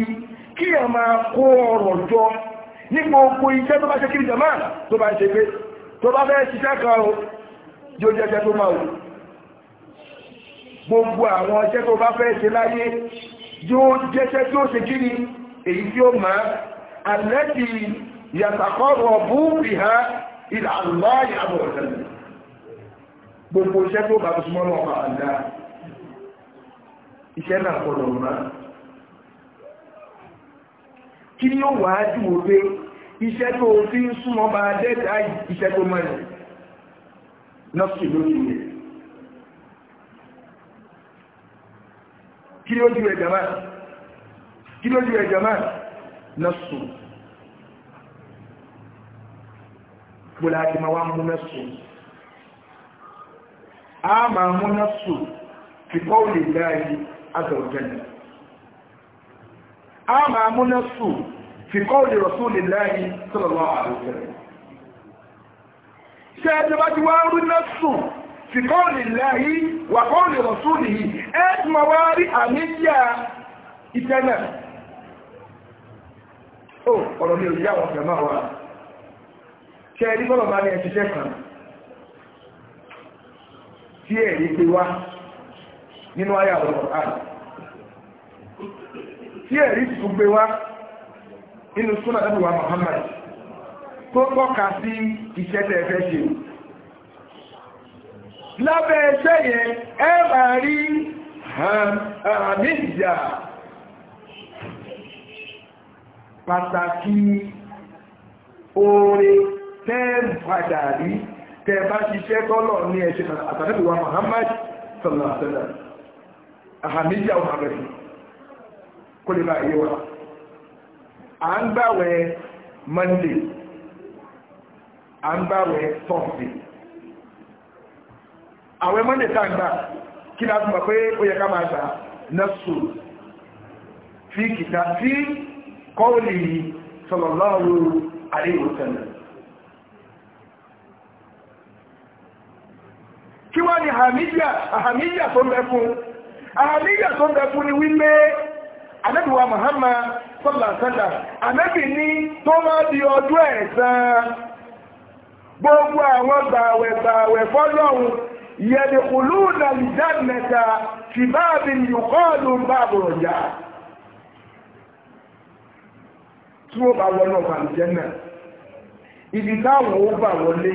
kí ẹ máa kó ọrọ̀ jọ ní gbogbo iṣẹ́ tó bá ṣe kiri jama tó bá ṣe pé tó bá fẹ́ ṣiṣẹ́ kan o yóò jẹ́jẹ́ tó máa wù gbogbo àwọn iṣẹ́ tó bá fẹ́ ṣe láyé yóò jẹ́ṣẹ́ tó ṣe kiri èyí tí ó máa alẹ́kì yàtàkọ́rọ̀ bú ìhá ìlàlọ́ ìyàbọ̀ ọ̀sẹ̀lẹ̀ gbogbo iṣẹ́ tó bá túnmọ́ náà máa ń dá iṣẹ́ náà kọ̀dọ̀ mọ́ kí ni ó wàá dùn ó pé iṣẹ́ tó fi ń súnmọ́ bá dẹ́ta iṣẹ́ tó mọ́ ẹ̀ nọ́ọ̀sì lórí rẹ̀ kí ló ju ẹ̀jẹ̀ máa kí ló ju ẹ̀jẹ̀ máa wá mú nọ́ọ̀sì a máa mú náà sù fìkọ́ òlè láàyè azọ̀jẹ́lẹ̀ a máa mú náà sù fìkọ́ òlè rọ̀sùn òlè láàyè sọ̀rọ̀lọ́ àrùsẹ̀rẹ̀ ṣe ẹjọ́ bá ti wá rú náà sù fìkọ́ òlè láàyè wà kọ́ òlè rọ̀sùn òlè yìí ẹ ti máa wá rí àníyà ìtẹ́lẹ̀ ó ọ̀rọ̀ mi ò yá wọn fẹ̀ máa wà ṣe ẹni bọ́lọ̀ bá ní ẹ̀ tí ẹ̀rí pé wá nínú ayé àwọn ọ̀hán tí ẹ̀rí ti gbé wá nínú súnà lábẹ́ wa Muhammad tó tọ́ka sí iṣẹ́ tẹ́ fẹ́ ṣe lábẹ́ iṣẹ́ yẹn ẹ máa rí àmìjà pàtàkì oore tẹ́ padà rí tẹ bá ṣiṣẹ́ tọ́lọ̀ ní ẹ̀ṣẹ̀ àtàlẹ́bí wa Muhammad sallallahu alaihi wasallam àhàmíjà ọ̀hàmẹ́sì kó lè máa yé wa à ń gbàwẹ̀ Monday à ń gbàwẹ̀ Thursday àwẹ̀ Monday tá ń gbà kí ni a tún bá pé ó yẹ ká máa gbà nọ́ọ̀sù fi kìtà sí kọ́ọ̀lì sallallahu alaihi wasallam kí wá ní àhàmíyà tó ń bẹ fún àhàmíyà tó ń bẹ fún ni wípé anábìwá Muhammad sọ́làsọ́là anábì ní tó máa di ọdún ẹ̀san gbogbo àwọn gbàwẹ̀gbàwẹ̀ fọ́lọ́hun yẹ̀dẹ̀kùlú nàìjánẹ̀ta ti báàbí yùkọ́ọ̀lù bàbùrọ̀já tí ó bá wọnà bàbùjẹ́ náà ibi táwọn ó wọlé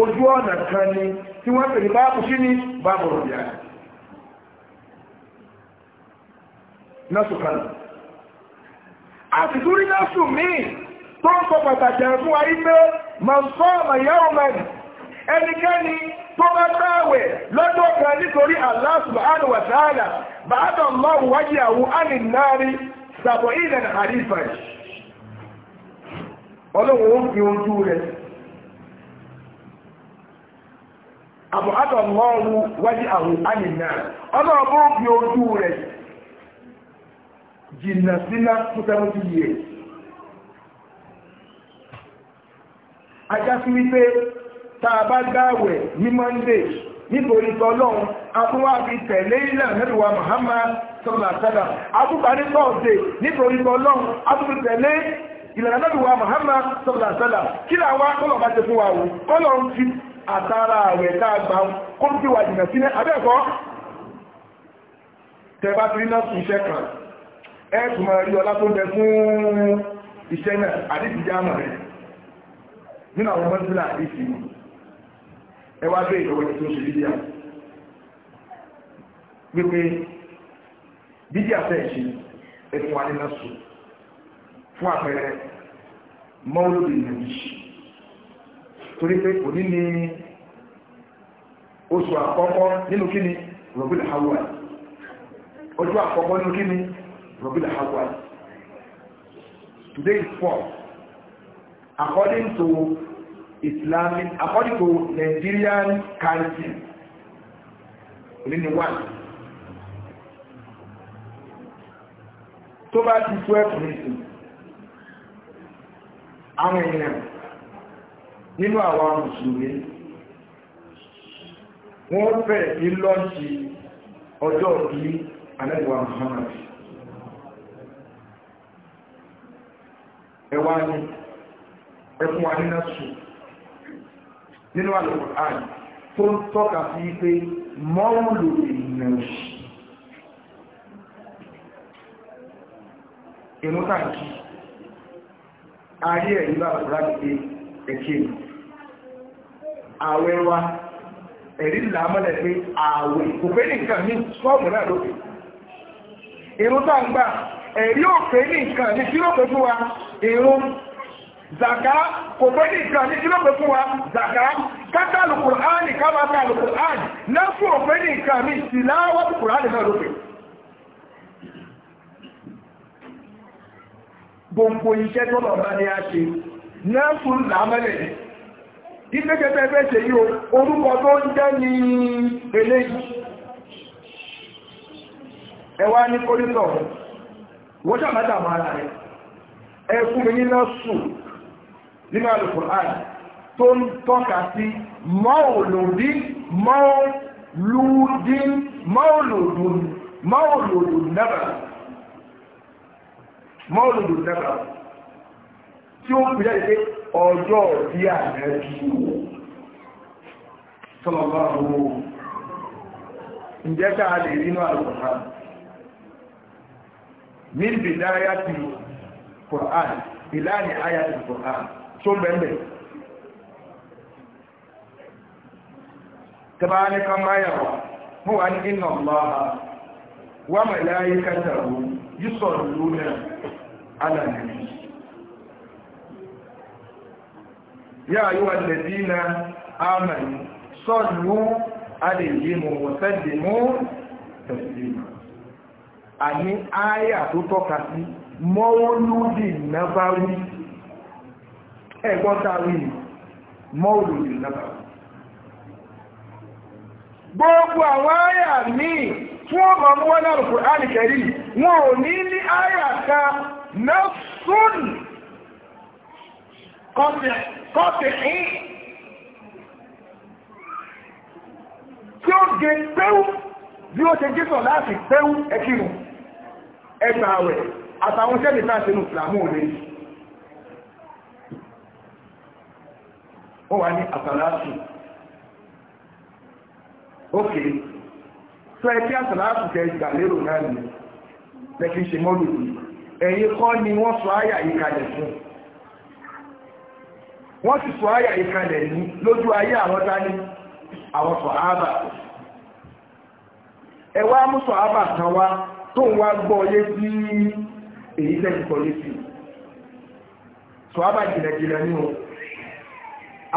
ojú ọ̀nà kan ni tí wọ́n pè ní báàbù sí ní báàbù rọ̀bì àti nọ́sù kan a sì tún rí nọ́sù míì tó ń sọ pàtàkì ẹ̀fún wa ipé mọ̀sọ́ọ̀mà yàwó mẹ́rin ẹnikẹ́ni tó bá gbààwẹ̀ lọ́jọ́ kan nítorí Allah subhanahu wa fi ojú rẹ̀ abụ adọm ọrụ àwọn àmìnà ọlọ́ọ̀bọ̀ fi ojú rẹ̀ jìnnà síná fún 70 years ajásí wípé tàà bá dáwẹ̀ ní monday nítorí tọ́lọ́run abúwábi tẹ̀lé ilẹ̀ mẹ́rùwà Muhammad sọ́làtàdà abúkàrí tọ́ọ̀dẹ̀ nítorí tọ́lọ́run abúkàrí tẹ̀lé àtàrà àwẹ̀ káàgbà kó tí wà jìnà sílẹ̀ abẹ́ẹ̀kọ́ tẹba tí rí náà tún iṣẹ́ kan ẹ̀ẹ́tù máa rí ọlá tó ń bẹ fún iṣẹ́ náà àdìsí jáàmà rẹ̀ nínú àwọn mọ́sílá àdìsí ẹwà bẹ́ ìjọba tó ṣe bídíà wípé bídíà fẹ́ ṣe ẹ̀fún wa ní torí pé òní ni oṣù àkọ́kọ́ nínú kíni rọ̀bìlì hawaii ọjọ́ àkọ́kọ́ nínú kíni rọ̀bìlì hawaii today is four according to Islamic according to Nigerian council òní one tó bá ti twelve minutes àwọn ènìyàn nínú àwọn mùsùlùmí wọ́n fẹ́ ní lọ́ọ̀ṣì ọjọ́ bí anẹ́gbà Muhammad ẹwà ní ẹkùn wa nínú sùn nínú àlùkò àì tó ń tọ́ka sí pé mọ́ọ̀lù ìnàṣì ìmútàkì ayé ẹ̀yí bá bàbá gbé ẹ̀kẹ́ ìlú ààwẹ̀ wa ẹ̀rí ńlá pé ààwẹ̀ kò pé ní nǹkan náà lókè irun ń gbà ẹ̀rí ní kí ló fún wa irun zaka kò pé ní ní kí ló fún wa zaka káká alukur'ani kábà ká alukur'ani lẹ́fù ò pé ní ní ìsìláwọ́ alukur'ani náà lókè gbogbo iṣẹ́ tó lọ bá ní ṣe ìgbẹ́kẹta ẹgbẹ́ ṣe yíò orúkọ tó ń jẹ́ ní eléyìí ẹwà ní kórítọ̀ wọ́n sàmátà rẹ̀ ẹkùn mi níná sù nínú Al-Qur'an tó ń tọ́ka sí mọ́ọ̀lòdí mọ́ọ̀lòdí mọ́ọ̀lòdù nẹ́bà tí ó ọjọ́ bí àmẹ́bí tọ́lọ̀bá owó ǹjẹ́ ká lè rínú àlùkọ̀ọ́ká níbi dáyà ti Qur'an ìlànà àyà ti Qur'an tó bẹ̀m̀bẹ̀ tàbá ní kan máyàwó mú wa ní inna Allaha wa malaikatahu yusalluna ala nabi يا أيها الذين آمنوا صلوا عليهم وسلموا تسليما àní àyà tó tọ́ka sí mọ́ọ̀lùdì nàbáwí ẹgbọ́tàwí mọ́ọ̀lùdì nàbáwí gbogbo àwọn àyà míì fún ọmọ mọ́wọ́lá alìkẹ̀rí wọn ò ní ní àyà ká náà kọ́ọ̀tì ẹ̀ tí ó gẹ pẹ́wú bí ó ṣe jésọ̀ láti pẹ́wú ẹ̀kírun ẹgbà àwẹ̀ àtàwọn sẹ́lẹ̀ náà sínú ìsìlámù rẹ̀ ó wà ní àtàlásù ókè tó ẹkí àtàlásù kẹ ìgbà lérò náà nì lẹ́kí ṣe mọ́lù ẹ̀yìn kọ́ ni wọ́n sọ áyà yìí kalẹ̀ fún wọ́n ti sọ àyà ìkalẹ̀ ní lójú ayé àwọn dání àwọn sọ̀hábà ẹwà mú sọ̀hábà kan wá tó ń wá gbọ́ yé sí èyí tẹ́jú sọ yé sí sọ̀hábà jìnàjìnà ní o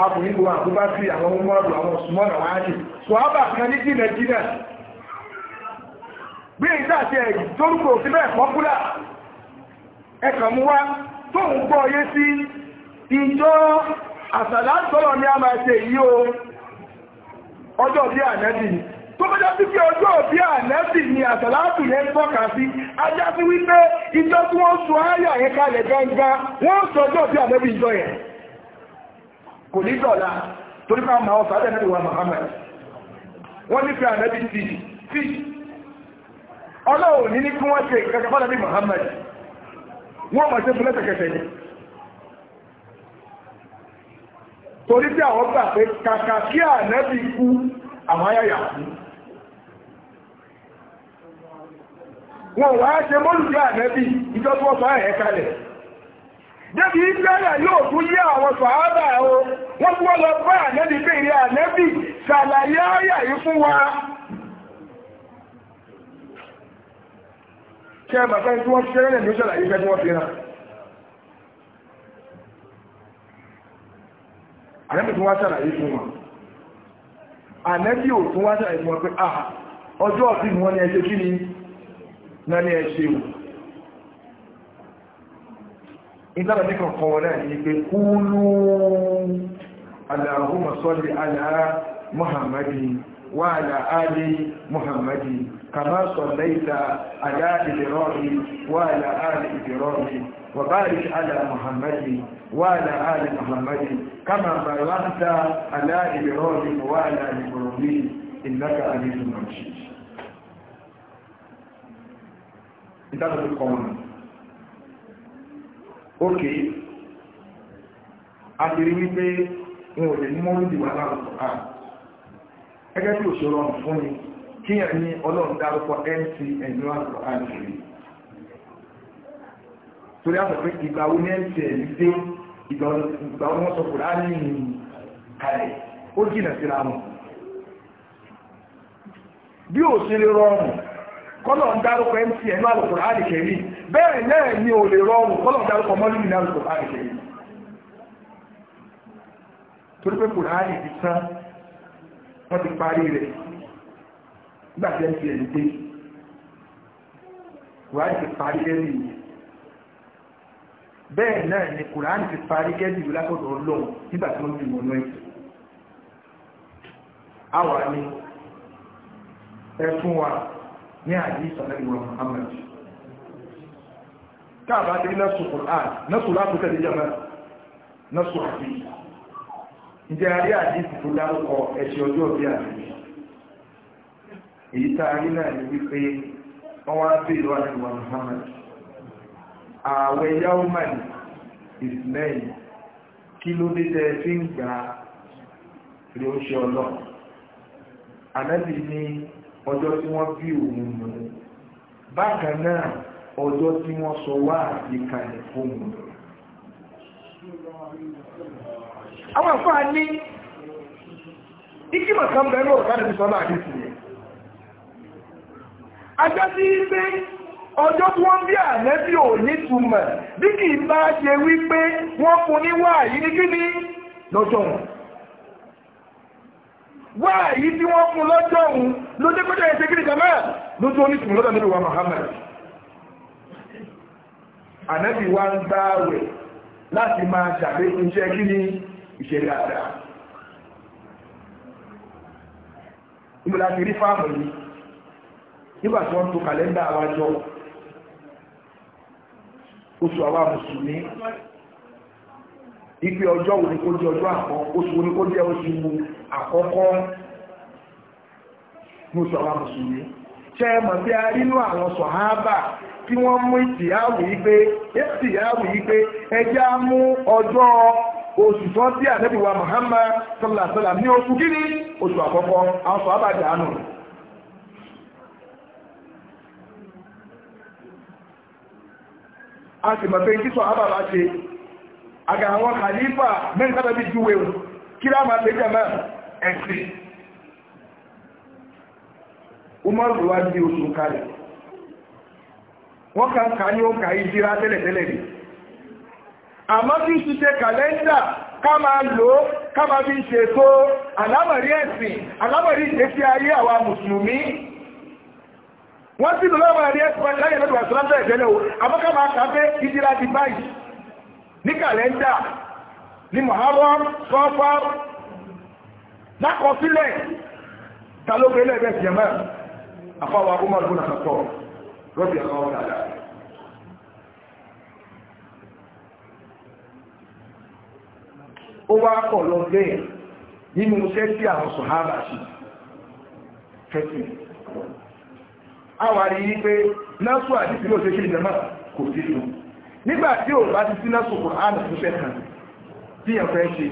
abùnrin gbogbo àwọn àwọn sọ̀hábà kan ní jìnàjìnà bí ìjọ àsàlátọ́lọ̀ ní a máa ṣe yí o ọjọ́ bí ànẹ́bì ni tó bá jẹ́ sí pé ọjọ́ bí ànẹ́bì ni àsàlátù yẹn tọ́ka sí ajá sí wípé ìjọ tí wọ́n sọ ayà yẹn kalẹ̀ gangan wọ́n sọ ọjọ́ bí ànẹ́bì ìjọ yẹn kò ní dọ̀la torí ká máa ọ̀sà àdẹ́nẹ́bì wa Muhammad wọ́n nífẹ̀ẹ́ ànẹ́bì ti ti ọlọ́run ní ní kí wọ́n ṣe ìkẹ́kẹ́ fọ́nàbí Muhammad wọ́n mọ̀ sí fún lẹ́sẹ̀kẹsẹ̀ yìí torí bí àwọn gbà pé kàkà kí ànábì kú àwọn ayáyà kú wọn wá ṣe mọ́lùdí ànábì ìjọ tí wọ́n sọ ẹ̀ẹ́ kalẹ̀ débi ìgbẹ́rẹ̀ yóò tún yé àwọn sàádà o wọ́n tún wọ́n lọ bá ànábì bèèrè ànábì ṣàlàyé ayà yìí fún wa kẹ́ bàtà tí wọ́n ṣẹlẹ̀ ní ó ṣàlàyé fẹ́ tí wọ́n fi ràn ànẹ́bì tún wá ṣàlàyé fún wọn ànẹ́bì ò tún wá ṣàlàyé fún wọn pé àà ah, ọjọ́ ọ̀bí ni wọ́n ní ẹṣẹ́ kí ni náà ní ẹṣẹ́ o ìtàbí ní kankan wọn náà ní pé kúlú Allahumma salli ala Muhammadin wa ala ali Muhammadin kama كما بلغت على إبراهيم وعلى إبراهيم إنك حميد مجيد انتهت القوانين اوكي àtìrí wípé wọn ò lè mú mọ́rún ìwà lárúkọ à gẹ́gẹ́ bí òṣèrò ọ̀nà fún mi kí ẹ̀ ní ọlọ́run dárúkọ mc ẹ̀yìn lárúkọ à torí àtọ̀ ìgbà wo ní mc ẹ̀yìn dé ìgbà wọn sọ kùránì kalẹ̀ ó jìnà síra wọn bí ò sí lè rọrùn kọ́lọ̀ ń dárúkọ mtn ní alùkùránì kẹrì bẹ́ẹ̀ náà ni ò lè rọrùn kọ́lọ̀ ń dárúkọ mọ́lú ní alùkùránì kẹrì torí pé kùránì ti tán wọ́n ti parí rẹ̀ nígbàtí mtn dé kùránì ti parí rẹ̀ nìyí bẹ́ẹ̀ náà ni kùránì ti parí gẹ́gì ìlú látọ̀dọ̀ ọlọ́run nígbà tí wọ́n ti mọ̀nà ẹ̀ àwà ni ẹ fún wa ní àyè ìsàlẹ̀ ìwọ̀n Muhammad káàbá ti lẹ́sùn kùránì lẹ́sùn látọ̀kẹ́ ti jẹ́ lẹ́sùn àti ìjẹ́ àrí àyè ìsìnkú ààwẹ̀ yawman ismail kí ló dé tẹ́ fi ń gbà rí ó ṣe ọlọ́ ànábì ní ọjọ́ tí wọ́n bí òun nù bákan náà ọjọ́ tí wọ́n sọ wá ìkàlẹ̀ fóun àwọn àfáà ní ikí mọ̀kàn bẹ̀rẹ̀ òkàlẹ̀ sọ́lá àdìsí ajọ́ sí pé ọjọ́ tí wọ́n bí ànẹ́bí ò ní túmọ̀ bí kì í bá ṣe wípé wọ́n fún ní wáàyí ní kí ní lọ́jọ́ wọn wáàyí tí wọ́n fún lọ́jọ́ wọn ló dé pẹ́jọ́ ẹ̀ṣẹ́ kí ní jàmẹ́ ló tó ní túmọ̀ lọ́dọ̀ níbi wa Muhammad ànẹ́bí wa ń gbá wẹ̀ láti máa ṣàlẹ́ iṣẹ́ kí ní ìṣẹ̀lẹ̀ àdá ìgbìlá ti rí fáàmù yìí nígbà tí wọ́n tó kàlẹ́ńdà àwájọ́ oṣù àwa mùsùlùmí ipe ọjọ́ wo ni kó jẹ́ ọjọ́ àkọ́kọ́ oṣù wo ni kó jẹ́ oṣù àkọ́kọ́ ní oṣù àwa mùsùlùmí ṣe é mọ̀ bí a rí inú àwọn sọ̀háábà kí wọ́n mú ìtìyàwó yìí pé ìtìyàwó yìí pé ẹjẹ́ á mú ọjọ́ oṣù tó ń tí ànábì wa Muhammad sallallahu alaihi wasallam ní oṣù kíní oṣù àkọ́kọ́ àwọn sọ̀háábà dànù a sì mọ̀ kí sọ ábà ṣe àgà àwọn kàlífà mẹ́rin bí júwe o kí lá máa pè jẹ́mọ́ di oṣù kalẹ̀ wọ́n kàn ká ní ó kà í tẹ́lẹ̀tẹ́lẹ̀ rí àmọ́ bí ṣiṣẹ́ ká máa lò ó ká máa fi ṣètò wọ́n sì lọ́wọ́ wọn rí ẹ̀sùn láyé lọ́dún àṣírá bẹ́ẹ̀ tẹ́lẹ̀ o abọ́ká máa kà pé ìdíra ti báyìí ní kàlẹ́ńdà ní Muharram sọ́fà lákọsílẹ̀ ta ló gbé lẹ́ẹ̀bẹ̀ sí ẹ̀mọ́ àfáwà Umar bin Khattab rọ́bì àwọn dáadáa ó wá kọ̀ lọ bẹ́ẹ̀ nínú iṣẹ́ tí àwọn sọ̀hárà sí fẹ́sìn àwárí wípé násù àti ìpínlẹ̀ òṣèlú kí nìjọba kò sí fún nígbà tí ò bá ti sí násù kò á nà fúnfẹ́ kan tí yẹn fẹ́ ṣe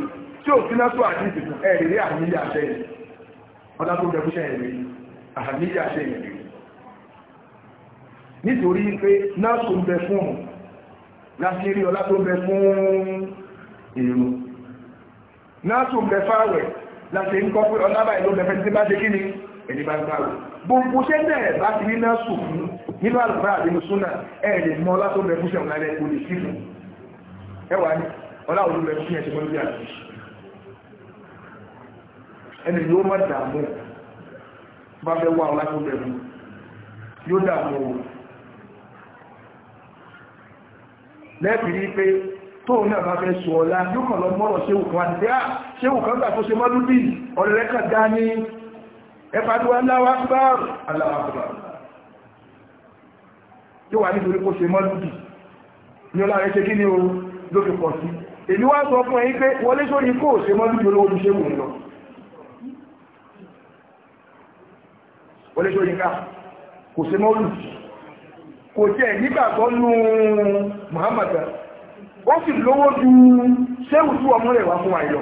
tí ò sí násù àti ìsìnkú ẹ̀rí àmìlẹ̀ àṣẹ yẹn ọ̀dà tó jẹ fúnṣẹ́ ẹ̀rí àmìlẹ̀ àṣẹ yẹn rí nítorí pé násù ń bẹ fún òun láti rí ọlá tó ń bẹ fún èrò násù ń bẹ fáwẹ̀ láti ń kọ́ pé ọlá báyìí ló bẹ fẹ́ gbogbo ṣẹ́ bẹ̀rẹ̀ bá ti níná sùn fún nínú àlùfáà àdínú súnà ẹ̀ lè mọ ọlá tó mẹ́kú ṣẹ̀wọ̀n lálẹ́ kò lè sí fún ẹwà ní ọlá òun mẹ́kú ṣẹ̀wọ̀n ṣe mọ́lúbí àti ẹni yóò má dààmú bá fẹ́ wá ọlá tó mẹ́kú yóò dààmú o lẹ́bi ní pé tóun náà bá fẹ́ sọ ọlá yóò kàn lọ mọ́rọ̀ ṣéwù kan àti ah, ṣéwù kan gbà tó ṣe mọ́lúbí ọ̀rẹ́rẹ́ kan dá ní ẹfàdú Allahu Akbar Allahu Akbar yóò wà nítorí kó ṣe mọ́lúdì ní ọlá rẹ̀ ṣe kí ni o ló fi pọ̀ sí èmi wá sọ fún ẹ̀yin pé wọlé sórí kó ṣe mọ́lúdì olówó ti ṣe wù lọ wọlé sórí ká kò ṣe mọ́lúdì kò jẹ́ nígbàgbọ́ nú Muhammad ó sì lówó ju ṣéwù tí ọmọ rẹ̀ wá fún wa yọ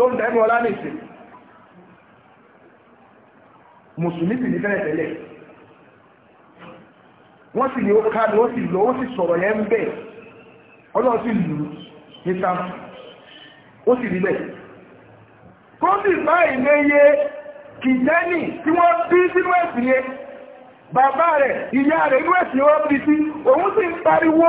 tó ń tẹ́mọ̀ ọlá ní ìsìn mùsùlùmí sì ní fẹ́rẹ̀ tẹ́lẹ̀ wọ́n sì ní ó ká ní ó sì lọ ó sì sọ̀rọ̀ yẹn ń bẹ̀ ọlọ́run sì lù ní sam ó sì rí bẹ́ẹ̀ kó sì bá ìmẹ́yẹ kìtẹ́nì tí wọ́n bí sínú ẹ̀sìn yẹn bàbá rẹ̀ ìyá rẹ̀ inú ẹ̀sìn wọn bí sí òun sì ń pariwo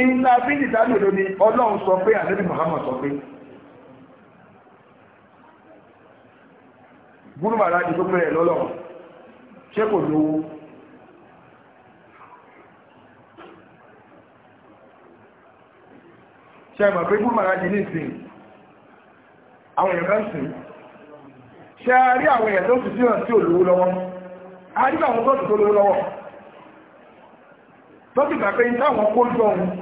ìlà bíi ìdájọ́ ló ni ọlọ́run sọ pé àdébí Muhammad sọ pé gúrùmàrà ti tó pẹ́rẹ̀ lọ́lọ́run ṣé kò lówó ṣe mọ̀ pé gúrùmàrà ti ní ìsìn àwọn èèyàn kan sìn ṣe a rí àwọn èèyàn tó sì sí ọ̀sí olówó lọ́wọ́ a rí àwọn tó sì tó lówó lọ́wọ́ tó sì gbà pé táwọn kó jọ ohun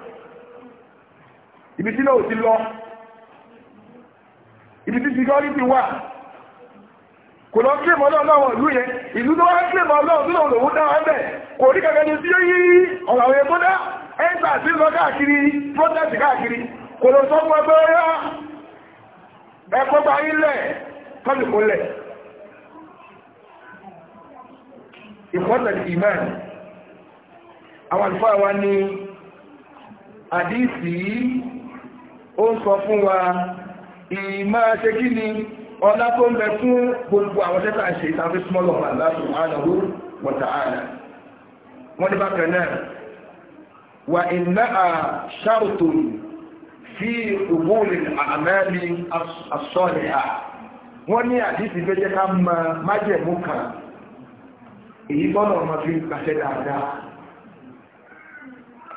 ibi tí lóò ti lọ ibi tí security wà kò lọ kí èmọ́ náà láwọn ìlú yẹn ìlú tó wá kí èmọ́ náà tó lòun lòun dáa ẹ̀bẹ̀ kò rí kẹ́kẹ́ ní tí ó yí ọ̀rọ̀ àwọn èèyàn dá ẹ́ńtà sí lọ káàkiri protest káàkiri kò lọ sọ fún ẹgbẹ́ ọ̀yá ẹ̀kọ́ bá ilẹ̀ tọ́lùkù lẹ̀ àwọn àlùfáà wa ní àdíìsì yìí ó ń sọ fún wa ìmá ṣe ni ọlá tó fún gbogbo àwọn tẹ́ta ṣe ìtàfí smọ́lọ̀ wọ́n ní fi a àdísì fẹ́ jẹ́ ká ma májẹ̀mú kan èyí bọ́lọ̀ ọmọ fi pàṣẹ dáadáa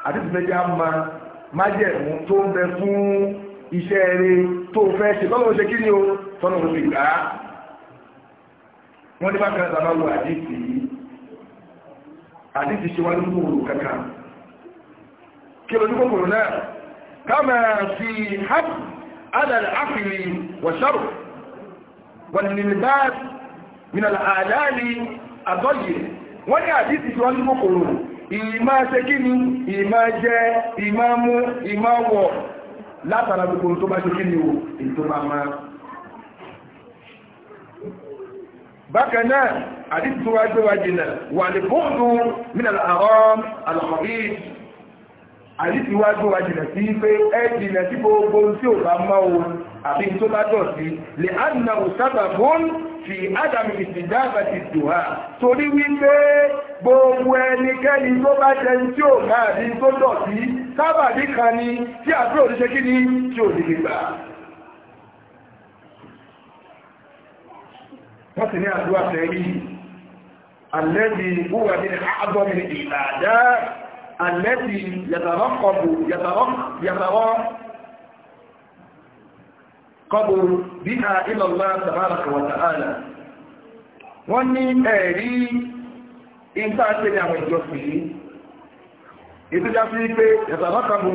àdísì fẹ́ jẹ́ ká ma májẹ̀mú tó ń bẹ fún iṣẹ́ rẹ tó fẹ́ ṣe tọ́lọ́ ṣe kí ni o tọ́lọ́ ṣe gbà á wọ́n ní bá kan sábà wo àdìsí àdìsí ṣe wá ní kòkòrò kankan kí lójú kòkòrò náà kámẹ́ fi hàp adàlẹ̀ àfìlì wọ̀ṣọ́rò wọ̀nìlìbáàdì mìnàlá àdáàlì àtọ́yè wọ́n ní àdìsí ṣe wá ní kòkòrò ìmá ṣe kí ni ìmá jẹ ìmá mú ìmá wọ̀ látara gbogbo tó bá ṣe kí ni o ètò máa máa bákan náà àdíjì tó wájú wájú náà wà lè bóòdù mínà àrọ́m alàmọ̀rí àdíjì wájú wájú náà sí pé ẹ́ jìnà sí gbogbo tí ò àbí tó bá dọ̀ sí lè ánà òsábà bọ́n fi adam ìsìndáàbà ti dùhà torí wípé gbogbo ẹnikẹ́ni tó bá jẹ tí ò máa bí tó dọ̀ sí sábàbí kan ni tí àbúrò oníṣẹ́ kí ni tí ò dìde gbà wọ́n sì ní àdúrà tẹ̀rí alẹ́bí wúwà ní àádọ́mì ìlàdá alẹ́bí yàtàrọ́kọ̀bù yàtàrọ́ kọ́bùrù bí a ìlọ́lá tàbárakà wà tààlà wọ́n ní ẹ̀rí ìta tẹ́lẹ̀ àwọn ìjọsìn yìí ìtújá sí pé ìtàbárakà mú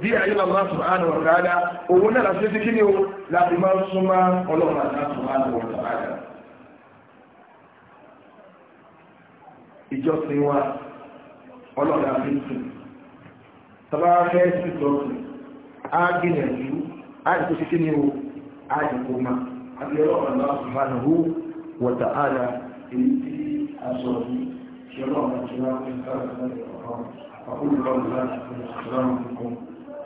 bí a ìlọ́lá tàbárakà wà tààlà òun náà láti ṣe kí ni o láti máa súnmọ́ ọlọ́run tàbárakà wà tààlà ìjọsìn wa ọlọ́run kí ni o عاجبهما أبي رغم الله سبحانه وتعالى في أصدي شراء الله سبحانه وتعالى أقول الله سبحانه وتعالى